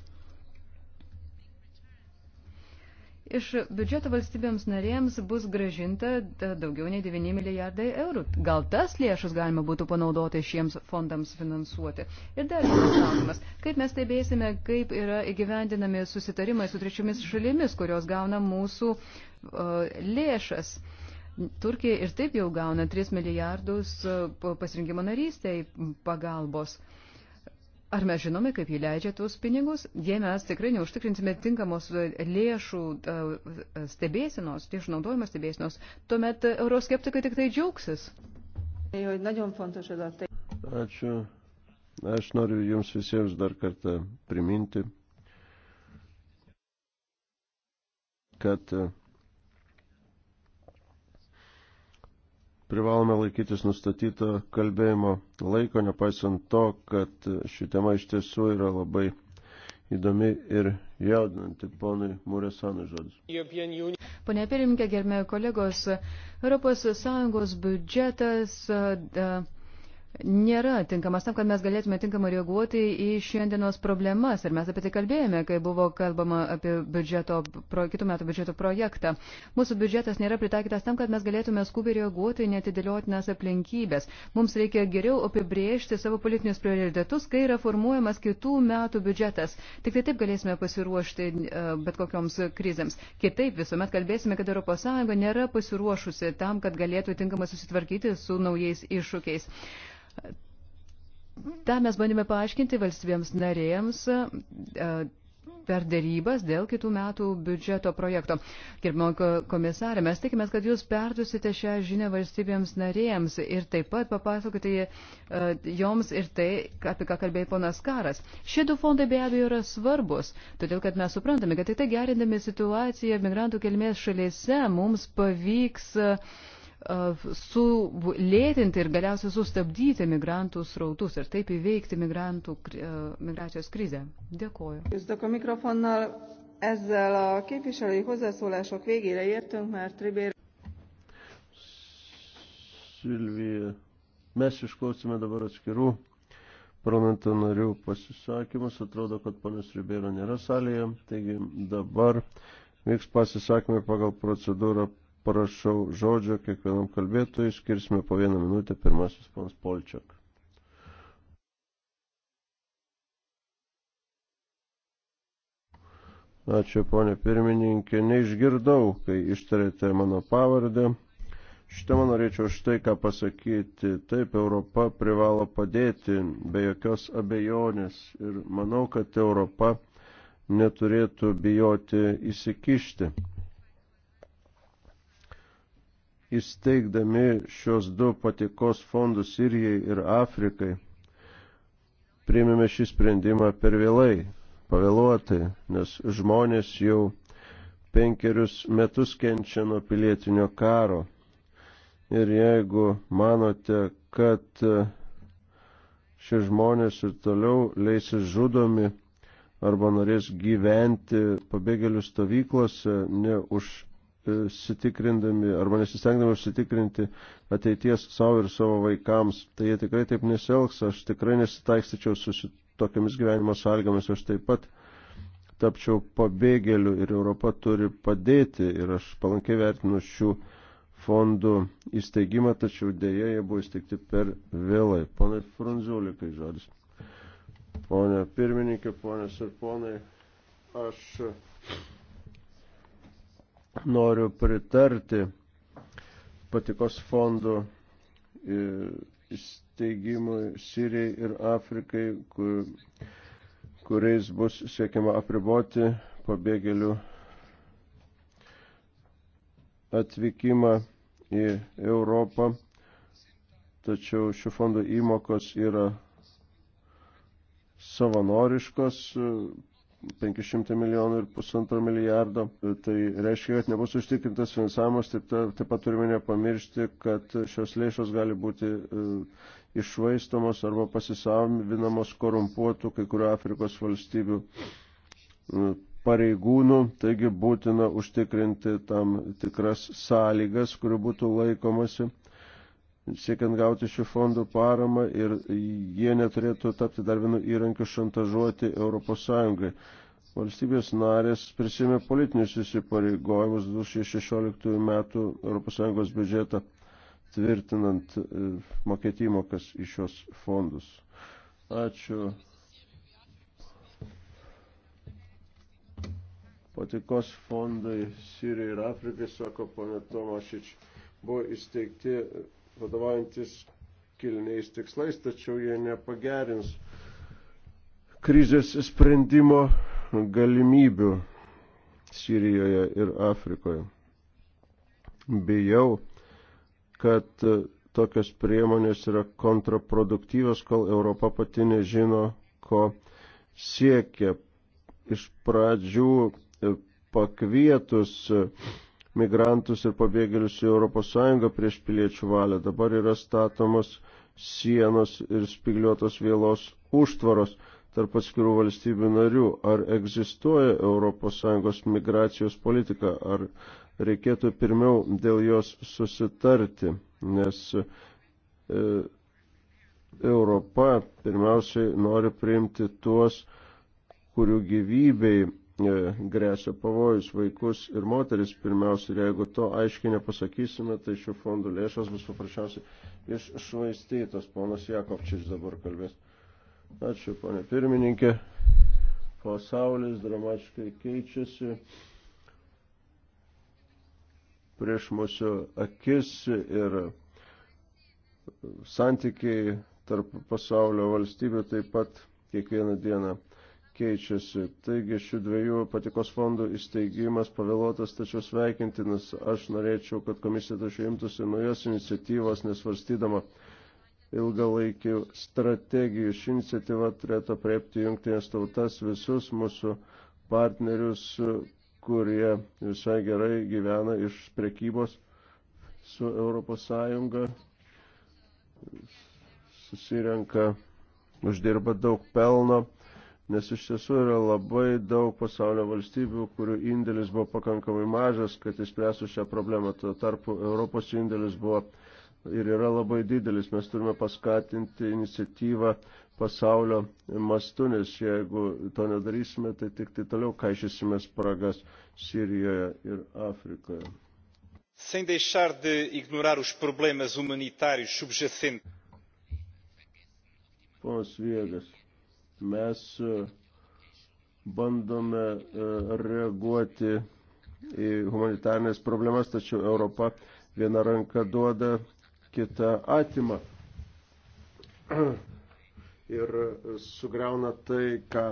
Iš biudžeto valstybėms narėms bus gražinta e, daugiau nei 9 milijardai eurų. Gal tas lėšas galima būtų panaudoti šiems fondams finansuoti. Ir dar vienas klausimas. Kaip mes stebėsime, kaip yra įgyvendinami susitarimai su trečiomis šalimis, kurios gauna mūsų uh, lėšas? Turkija ir taip jau gauna 3 milijardus e, pasirinkimo narystėj pagalbos. Uh, Ar mes žinome, kaip jį leidžia tuos pinigus? Jei mes tikrai neužtikrinsime tinkamos lėšų stebėsinos, lėšų naudojimo stebėsinos, tuomet euroskeptikai tik tai džiaugsis. Ačiū. Aš noriu Jums visiems dar kartą priminti, kad privalome laikytis nustatyto kalbėjimo laiko, nepaisant to, kad ši tema iš tiesų yra labai įdomi ir jaudinanti. Ponui Muresanui žodis. Pone pirmininkė, gerbėjai kolegos, ES biudžetas. Da, nėra tinkamas tam, kad mes galėtume tinkamai reaguoti į šiandienos problemas. Ir mes apie tai kalbėjome, kai buvo kalbama apie biudžeto, pro, kitų metų biudžeto projektą. Mūsų biudžetas nėra pritaikytas tam, kad mes galėtume skubiai reaguoti į netidėliotinas aplinkybės. Mums reikia geriau apibriežti savo politinius prioritetus, kai yra formuojamas kitų metų biudžetas. Tik tai taip galėsime pasiruošti e, bet kokioms krizėms. Kitaip visuomet kalbėsime, kad ES nėra pasiruošusi tam, kad galėtų tinkamai susitvarkyti su naujais iššūkiais. Ta mes bandėme paaiškinti valstybėms narėjams e, per dėrybas dėl kitų metų biudžeto projekto. Gerbimo komisarė, mes tikimės, kad jūs perdusite šią žinę valstybėms narėjams ir taip pat papasakokite e, joms ir tai, apie ką kalbėjo ponas Karas. Šie du fondai be abejo yra svarbus, todėl kad mes suprantame, kad tik tai gerindami situaciją migrantų kelmės šalyse mums pavyks uh, sulėtinti ir galiausiai sustabdyti migrantų srautus ir taip įveikti migrantų, migracijos krizę. Dėkoju. Silvija, mes išklausime dabar atskirų parlamento narių pasisakymus. Atrodo, kad panas Ribėro nėra salėje, taigi dabar vyks pasisakymai pagal procedūrą prašau žodžio kiekvienam kalbėtojui, skirsime po vieną minutę pirmasis pons Polčiak. Ačiū, ponė pirmininkė, neišgirdau, kai ištarėte mano pavardę. Šitą man norėčiau štai ką pasakyti. Taip, Europa privalo padėti be jokios abejonės ir manau, kad Europa neturėtų bijoti įsikišti įsteigdami šios du patikos fondus Sirijai ir Afrikai, priėmėme šį sprendimą per vėlai, pavėluotai, nes žmonės jau penkerius metus kenčia nuo pilietinio karo. Ir jeigu manote, kad e, šie žmonės ir toliau leisis žudomi arba norės gyventi pabėgėlių stovyklose, ne už E, sitikrindami arba nesistengdami užsitikrinti ateities savo ir savo vaikams. Tai jie tikrai taip nesielgs, aš tikrai nesitaikstyčiau su tokiamis gyvenimo sąlygomis, aš taip pat tapčiau pabėgėliu ir Europa turi padėti ir aš palankiai vertinu šių fondų įsteigimą, tačiau dėja jie buvo įsteigti per vėlai. Pone Frunziulikai žodis. Pone pirmininkė, ponės ir ponai, aš noriu pritarti patikos fondų e, įsteigimui Sirijai ir Afrikai, kur, kuriais bus siekiama apriboti pabėgėlių atvykimą į Europą, tačiau šių fondų įmokos yra savanoriškos, 500 milijonų ir pusantro milijardo. Tai reiškia, kad nebus užtikrintas finansavimas, taip, taip pat turime nepamiršti, kad šios lėšos gali būti e, išvaistomos arba pasisavinamos korumpuotų kai kurio Afrikos valstybių e, pareigūnų, taigi būtina užtikrinti tam tikras sąlygas, kurių būtų laikomasi siekiant gauti šių fondų paramą ir jie neturėtų tapti dar vienu įrankiu šantažuoti Europos Sąjungai. Valstybės narės prisėmė politinius įsipareigojimus 2016 metų ES biudžetą tvirtinant e, mokėtymokas į šios fondus. Ačiū. Patikos fondai Sirijai ir Afrikai, sako ponė Tomašič, buvo įsteigti vadovaujantis kilniais tikslais, tačiau jie nepagerins krizės sprendimo galimybių Sirijoje ir Afrikoje. Bijau, kad tokios priemonės yra kontraproduktyvios, kol Europa pati nežino, ko siekia. Iš pradžių pakvietus migrantus ir pabėgėlius į ES prieš piliečių valią. Dabar yra statomos sienos ir spigliuotos vėlos užtvaros tarp atskirų valstybių narių. Ar egzistuoja ES migracijos politika, ar reikėtų pirmiau dėl jos susitarti, nes e, Europa pirmiausiai nori priimti tuos, kurių gyvybei E, grėsia pavojus vaikus ir moteris pirmiausia. Ir jeigu to aiškiai nepasakysime, tai šių fondų lėšas bus paprasčiausiai iššvaistytos. Ponas Jakovčiš dabar kalbės. Ačiū, ponė pirmininkė. Pasaulis dramatiškai keičiasi prieš mūsų akis ir santykiai tarp pasaulio valstybių taip pat kiekvieną dieną keičiasi. Taigi šių dviejų patikos fondų įsteigimas pavėluotas, tačiau sveikintinas. Aš norėčiau, kad komisija tačiau imtųsi naujos iniciatyvos, nesvarstydama ilgalaikių strategijų. Ši iniciatyva turėtų priepti jungtinės tautas visus mūsų partnerius, kurie visai gerai gyvena iš prekybos su Europos Sąjunga, susirenka, uždirba daug pelno nes iš tiesų yra labai daug pasaulio valstybių, kurių indėlis buvo pakankamai mažas, kad įspręstų šią problemą. Tuo tarpu Europos indėlis buvo ir yra labai didelis. Mes turime paskatinti iniciatyvą pasaulio mastu, nes jeigu to nedarysime, tai tik tai toliau kaišysime spragas Sirijoje ir Afrikoje. Sem deixar de ignorar os problemas humanitários subjacentes. Ponas Viegas. Mes e, bandome e, reaguoti į humanitarnės problemas, tačiau Europa viena ranka duoda, kita atima. *clears throat* Ir sugriauna tai, ką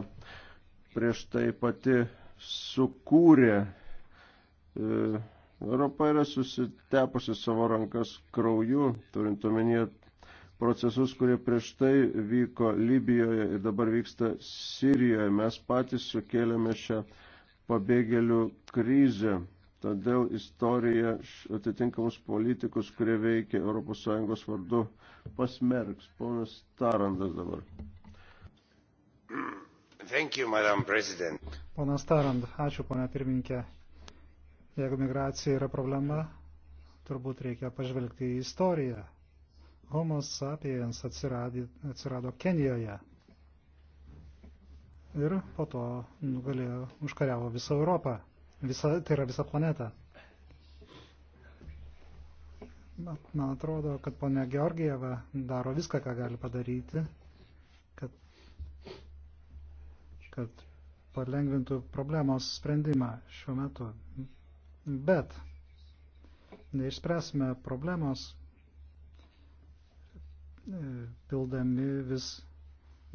prieš tai pati sukūrė. E, Europa yra susitepusi savo rankas krauju, turint omenyje procesus, kurie prieš tai vyko Libijoje ir dabar vyksta Sirijoje. Mes patys sukėlėme šią pabėgėlių krizę. Todėl istorija atitinkamus politikus, kurie veikia ES vardu, pasmerks. Ponas Tarandas dabar. Thank you, Madam President. Ponas Tarand, ačiū, ponia pirminkė. Jeigu migracija yra problema, turbūt reikia pažvelgti į istoriją. Homo sapiens atsirado, atsirado Kenijoje ir po to nugalėjo, užkariavo visą Europą, visą, tai yra visą planetą. Bet man atrodo, kad ponia Georgieva daro viską, ką gali padaryti, kad, kad palengvintų problemos sprendimą šiuo metu. Bet neišspręsime problemos, E, pildami vis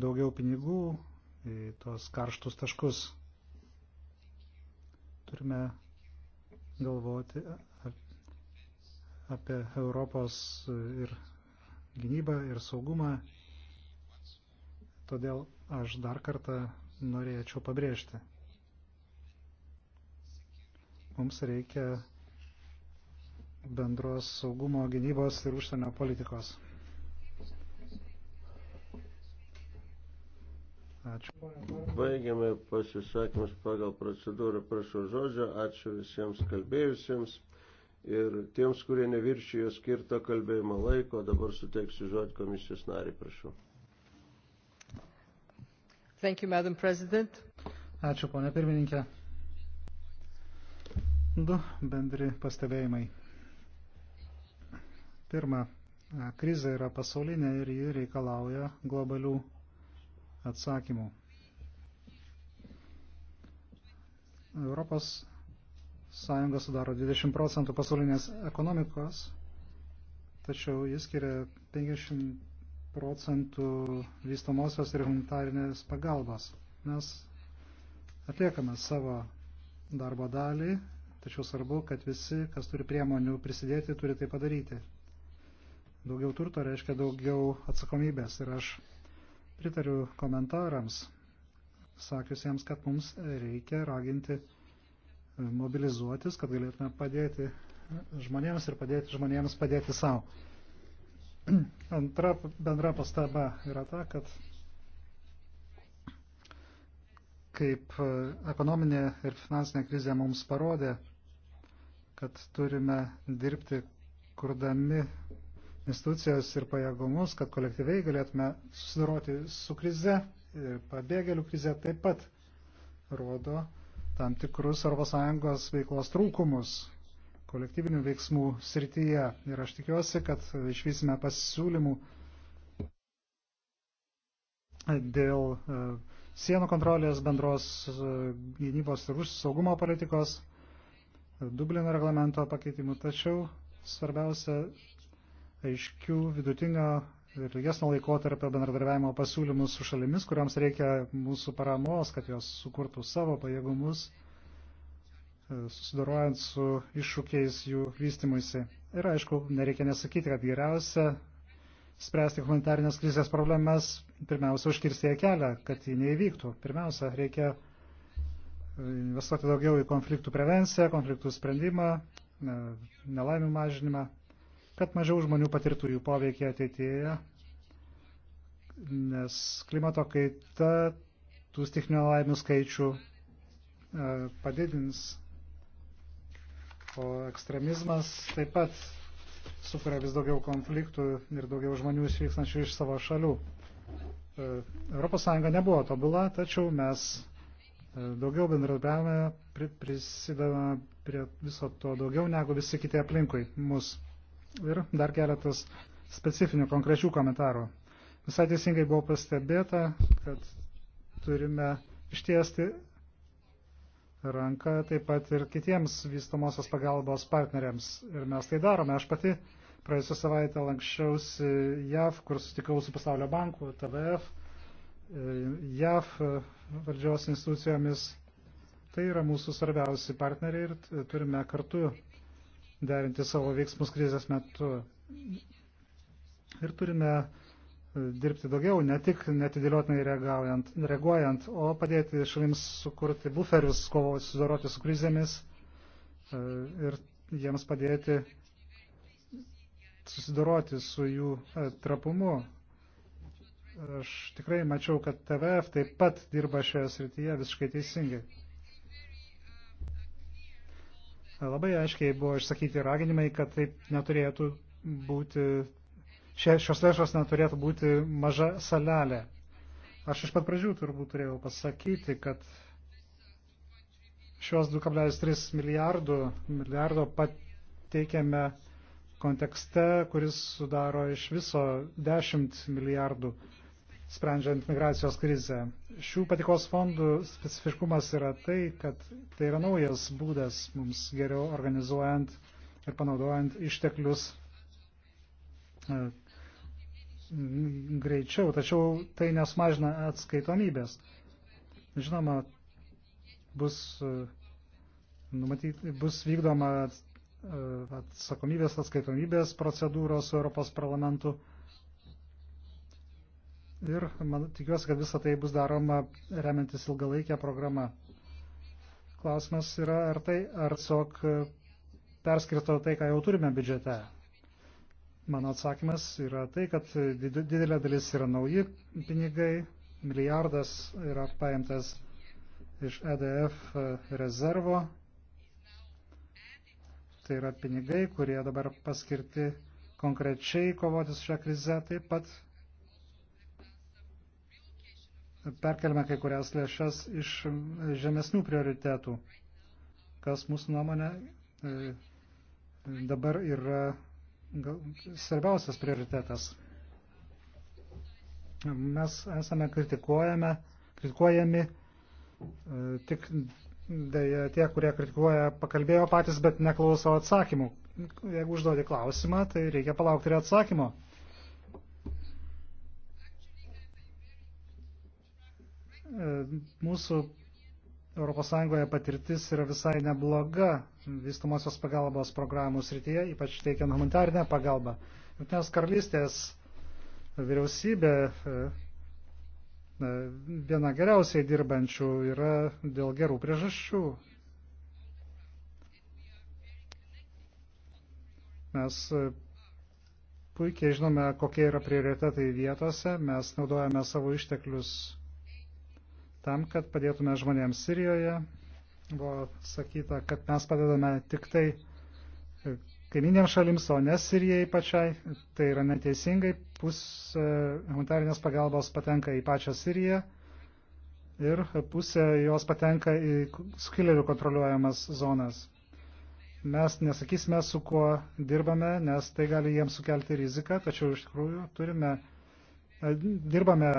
daugiau pinigų į tuos karštus taškus. Turime galvoti apie Europos ir gynybą ir saugumą. Todėl aš dar kartą norėčiau pabrėžti. Mums reikia bendros saugumo, gynybos ir užsienio politikos. Ačiū. Baigiame pasisakymus pagal procedūrą. Prašau žodžio. Ačiū visiems kalbėjusiems. Ir tiems, kurie neviršijo skirto kalbėjimo laiko, dabar suteiksiu žodį komisijos nariai, prašau. Thank you, Madam President. Ačiū, ponė pirmininkė. Du bendri pastebėjimai. Pirma, krizė yra pasaulinė ir ji reikalauja globalių atsakymų. Europos Sąjunga sudaro 20 procentų pasaulinės ekonomikos, tačiau jis skiria 50 procentų vystomosios ir humanitarinės pagalbos. Mes atliekame savo darbo dalį, tačiau svarbu, kad visi, kas turi priemonių prisidėti, turi tai padaryti. Daugiau turto reiškia daugiau atsakomybės ir aš Pritariu komentarams, sakiusiems, kad mums reikia raginti mobilizuotis, kad galėtume padėti žmonėms ir padėti žmonėms padėti savo. *clears throat* Antra bendra pastaba yra ta, kad kaip ekonominė ir finansinė krizė mums parodė, kad turime dirbti kurdami institucijas ir pajėgumus, kad kolektyviai galėtume susidoroti su krize, pabėgėlių krize taip pat rodo tam tikrus ES veiklos trūkumus kolektyvinių veiksmų srityje. Ir aš tikiuosi, kad išvysime pasiūlymų dėl e, sienų kontrolės bendros e, gynybos ir saugumo politikos, Dublino reglamento pakeitimų. Tačiau svarbiausia aiškių vidutinio ir ilgesnio laikotarpio bendradarbiavimo pasiūlymus su šalimis, kuriams reikia mūsų paramos, kad jos sukurtų savo pajėgumus, e, susidorojant su iššūkiais jų vystimuisi. Ir aišku, nereikia nesakyti, kad geriausia spręsti humanitarinės krizės problemas, pirmiausia, užkirsti ją kelią, kad ji neįvyktų. Pirmiausia, reikia e, investuoti daugiau į konfliktų prevenciją, konfliktų sprendimą, e, nelaimių mažinimą kad mažiau žmonių patirtų jų poveikį ateityje, nes klimato kaita tų stichinio laimių skaičių e, padidins, o ekstremizmas taip pat sukuria vis daugiau konfliktų ir daugiau žmonių išvykstančių iš savo šalių. ES nebuvo tobula, tačiau mes e, daugiau bendradarbiavome, prisidavome prie viso to daugiau negu visi kiti aplinkui mus. Ir dar keletas specifinių konkrečių komentarų. Visai teisingai buvo pastebėta, kad turime ištiesti ranką taip pat ir kitiems vystamosios pagalbos partneriams. Ir mes tai darome. Aš pati praėjusią savaitę lankščiausi JAV, kur sutikau su pasaulio banku, TVF, JAV valdžios institucijomis. Tai yra mūsų svarbiausi partneriai ir turime kartu derinti savo veiksmus krizės metu. Ir turime e, dirbti daugiau, ne tik netidėliotinai reaguojant, o padėti šalims sukurti buferius, kovos sudaroti su krizėmis e, ir jiems padėti susidoroti su jų e, trapumu. Aš tikrai mačiau, kad TVF taip pat dirba šioje srityje visiškai teisingai. Labai aiškiai buvo išsakyti raginimai, kad taip neturėtų būti, šios lėšos neturėtų būti maža salelė. Aš iš pat pradžių turbūt turėjau pasakyti, kad šios 2,3 milijardų, milijardo pateikėme kontekste, kuris sudaro iš viso 10 milijardų sprendžiant migracijos krizę. Šių patikos fondų specifiškumas yra tai, kad tai yra naujas būdas mums geriau organizuojant ir panaudojant išteklius e, greičiau, tačiau tai nesmažina atskaitomybės. Žinoma, bus, e, numatyt, bus vykdoma e, atsakomybės atskaitomybės procedūros su Europos parlamentu Ir man tikiuosi, kad visą tai bus daroma remiantis ilgalaikę programą. Klausimas yra, ar tai, ar tiesiog perskirto tai, ką jau turime biudžete. Mano atsakymas yra tai, kad didelė dalis yra nauji pinigai, milijardas yra paimtas iš EDF rezervo. Tai yra pinigai, kurie dabar paskirti konkrečiai kovoti su šią krize. Taip pat perkeliame kai kurias lėšas iš žemesnių prioritetų, kas mūsų nuomonė e, dabar yra svarbiausias prioritetas. Mes esame kritikuojami, kritikuojami e, tik dėja tie, kurie kritikuoja, pakalbėjo patys, bet neklauso atsakymų. Jeigu užduodi klausimą, tai reikia palaukti ir atsakymo. mūsų ES patirtis yra visai nebloga vystamosios pagalbos programų srityje, ypač teikiant humanitarinę pagalbą. Jungtinės karalystės vyriausybė viena geriausiai dirbančių yra dėl gerų priežasčių. Mes puikiai žinome, kokie yra prioritetai vietose, mes naudojame savo išteklius tam, kad padėtume žmonėms Sirijoje. Buvo sakyta, kad mes padedame tik tai e, kaiminėms šalims, o ne Sirijai pačiai. Tai yra neteisingai. Pus e, humanitarinės pagalbos patenka į pačią Siriją ir pusė jos patenka į skilerių kontroliuojamas zonas. Mes nesakysime, su kuo dirbame, nes tai gali jiems sukelti riziką, tačiau iš tikrųjų turime, e, dirbame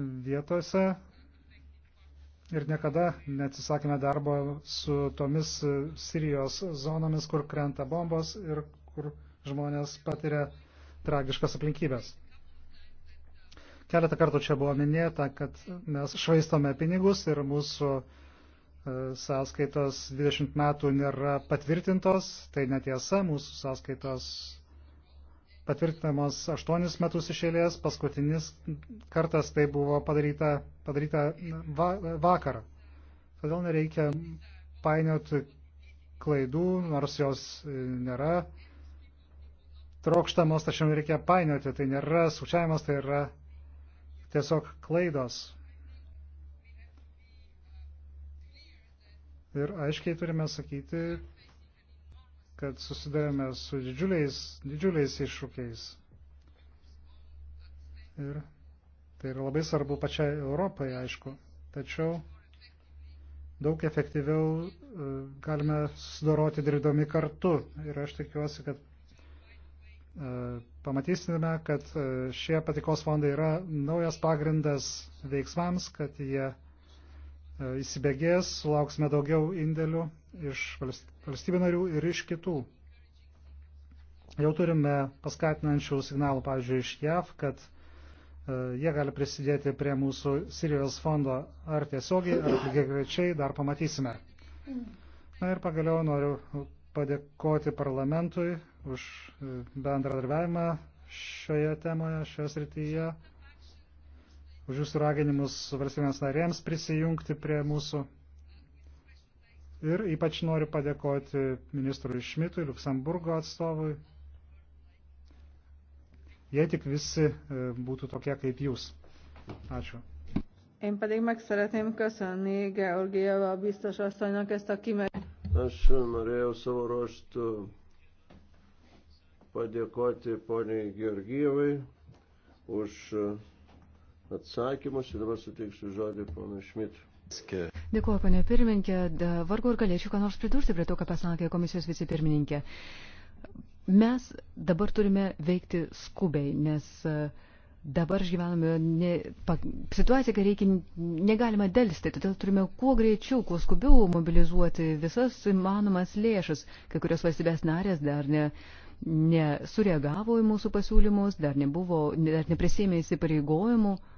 vietose ir niekada neatsisakėme darbo su tomis Sirijos zonomis, kur krenta bombos ir kur žmonės patiria tragiškas aplinkybės. Keletą kartų čia buvo minėta, kad mes švaistome pinigus ir mūsų e, sąskaitos 20 metų nėra patvirtintos, tai netiesa, mūsų sąskaitos patvirtinamas aštuonis metus išėlės, paskutinis kartas tai buvo padaryta, padaryta va, vakar. Todėl nereikia painioti klaidų, nors jos e, nėra trokštamos, tačiau nereikia painioti, tai nėra sučiavimas, tai yra tiesiog klaidos. Ir aiškiai turime sakyti, kad susidarėme su didžiuliais, didžiuliais iššūkiais. Ir tai yra labai svarbu pačiai Europai, aišku. Tačiau daug efektyviau e, galime sudaroti dirbdami kartu. Ir aš tikiuosi, kad e, pamatysime, kad e, šie patikos fondai yra naujas pagrindas veiksmams, kad jie įsibėgės, sulauksime daugiau indėlių iš valstybių narių ir iš kitų. Jau turime paskatinančių signalų, pavyzdžiui, iš JAV, kad e, jie gali prisidėti prie mūsų Sirijos fondo ar tiesiogiai, ar lygiai grečiai, dar pamatysime. Na ir pagaliau noriu padėkoti parlamentui už e, bendradarbiavimą šioje temoje, šioje srityje, už jūsų raginimus valstybės narėms prisijungti prie mūsų Ir ypač noriu padėkoti ministrui Šmitui, Luksemburgo atstovui. Jei tik visi e, būtų tokie kaip jūs. Ačiū. Én pedig meg szeretném köszönni Georgieva biztos asszonynak ezt a kimerítést. Aš norėjau savo ruoštų padėkoti poniai Georgijevai už atsakymus ir dabar suteiksiu žodį ponui Šmitui. Dėkuoju, ponė pirmininkė. Vargu ar galėčiau ką nors pridurti prie to, ką pasakė komisijos vicepirmininkė. Mes dabar turime veikti skubiai, nes e, dabar išgyvename ne, pa, situaciją, kai reikia, negalima dėlsti, todėl turime kuo greičiau, kuo skubiau mobilizuoti visas įmanomas lėšas. Kai kurios valstybės narės dar ne, nesureagavo į mūsų pasiūlymus, dar, nebuvo, dar neprisėmė įsipareigojimų. Ne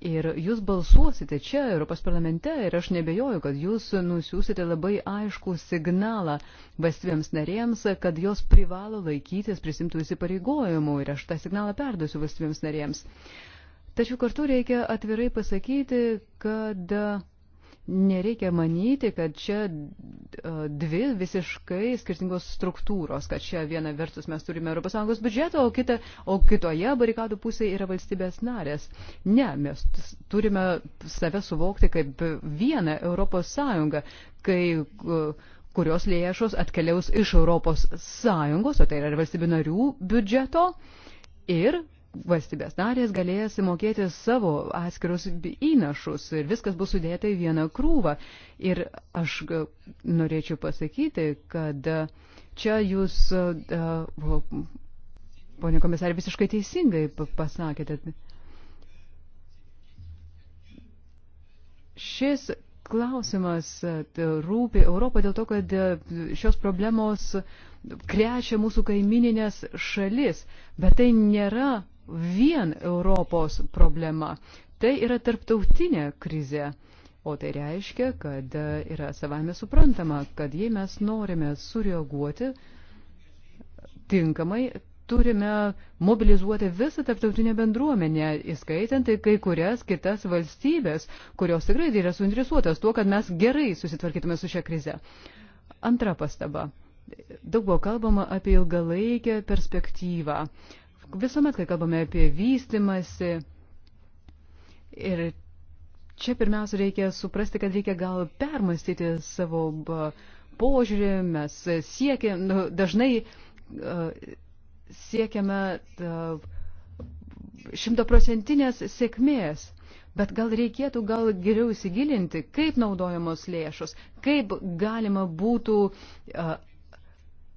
Ir jūs balsuosite čia, Europos parlamente, ir aš nebejoju, kad jūs nusiūsite labai aišku signalą valstybėms narėms, kad jos privalo laikytis prisimtų įsipareigojimų, ir aš tą signalą perduosiu valstybėms narėms. Tačiau kartu reikia atvirai pasakyti, kad nereikia manyti, kad čia dvi visiškai skirtingos struktūros, kad čia viena vertus mes turime ES biudžetą, o, kita, o kitoje barikadų pusėje yra valstybės narės. Ne, mes turime save suvokti kaip vieną ES, kai kurios lėšos atkeliaus iš ES, o tai yra valstybių narių biudžeto ir valstybės narės galės mokėti savo atskirus įnašus ir viskas bus sudėta į vieną krūvą. Ir aš norėčiau pasakyti, kad e, čia jūs, e, e, ponė komisarė, visiškai teisingai pasakėte. Šis klausimas rūpi Europą dėl to, kad šios problemos krečia mūsų kaimininės šalis, bet tai nėra vien Europos problema. Tai yra tarptautinė krizė. O tai reiškia, kad yra savame suprantama, kad jei mes norime sureaguoti tinkamai, turime mobilizuoti visą tarptautinę bendruomenę, įskaitant tai kai kurias kitas valstybės, kurios tikrai yra suinteresuotas tuo, kad mes gerai susitvarkytume su šia krize. Antra pastaba. Daug buvo kalbama apie ilgalaikę perspektyvą. Uh, visuomet, kai kalbame apie vystimasi, ir čia pirmiausia reikia suprasti, kad reikia gal permastyti savo požiūrį, mes siekiam, nu, dažnai siekiame šimtaprocentinės sėkmės. Bet gal reikėtų gal geriau įsigilinti, kaip naudojamos lėšos, kaip galima būtų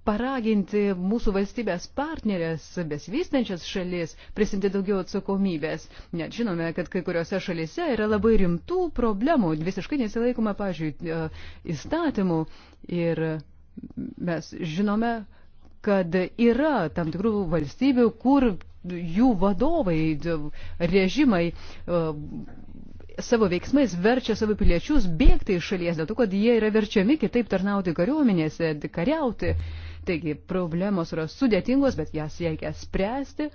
paraginti mūsų valstybės partnerės, besivystančias šalis, prisimti daugiau atsakomybės. Net žinome, kad kai kuriuose šalise yra labai rimtų problemų, visiškai nesilaikoma, pažiūrėjau, e, įstatymų. Ir mes žinome, kad yra tam tikrų valstybių, kur jų vadovai, režimai e, savo veiksmais verčia savo piliečius bėgti iš šalies, dėl to, kad jie yra verčiami kitaip tarnauti kariuomenėse, kariauti. Uh, Taigi problemos yra sudėtingos, bet jas reikia spręsti.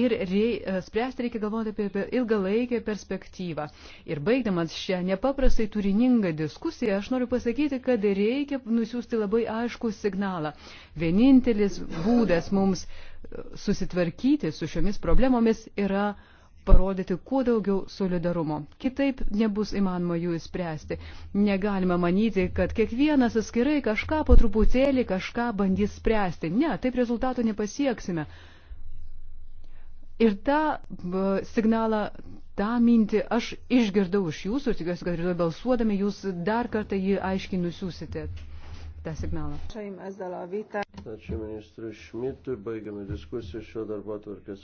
Ir rei, e, spręsti reikia galvoti apie ilgalaikę perspektyvą. Ir baigdamas šią nepaprastai turiningą diskusiją, aš noriu pasakyti, kad reikia nusiųsti labai aiškų signalą. Vienintelis būdas mums e, susitvarkyti su šiomis problemomis yra uh, parodyti kuo daugiau solidarumo. Kitaip nebus įmanoma jų įspręsti. Negalime manyti, kad kiekvienas atskirai kažką po truputėlį kažką bandys spręsti. Ne, taip rezultato nepasieksime. Ir tą e, signalą, tą mintį aš išgirdau iš jūsų ir tikiuosi, kad rytoj balsuodami jūs dar kartą jį aiškiai nusiusite tą signalą. Ačiū ministrui Šmitui, baigiame diskusiją šio darbo atvarkės.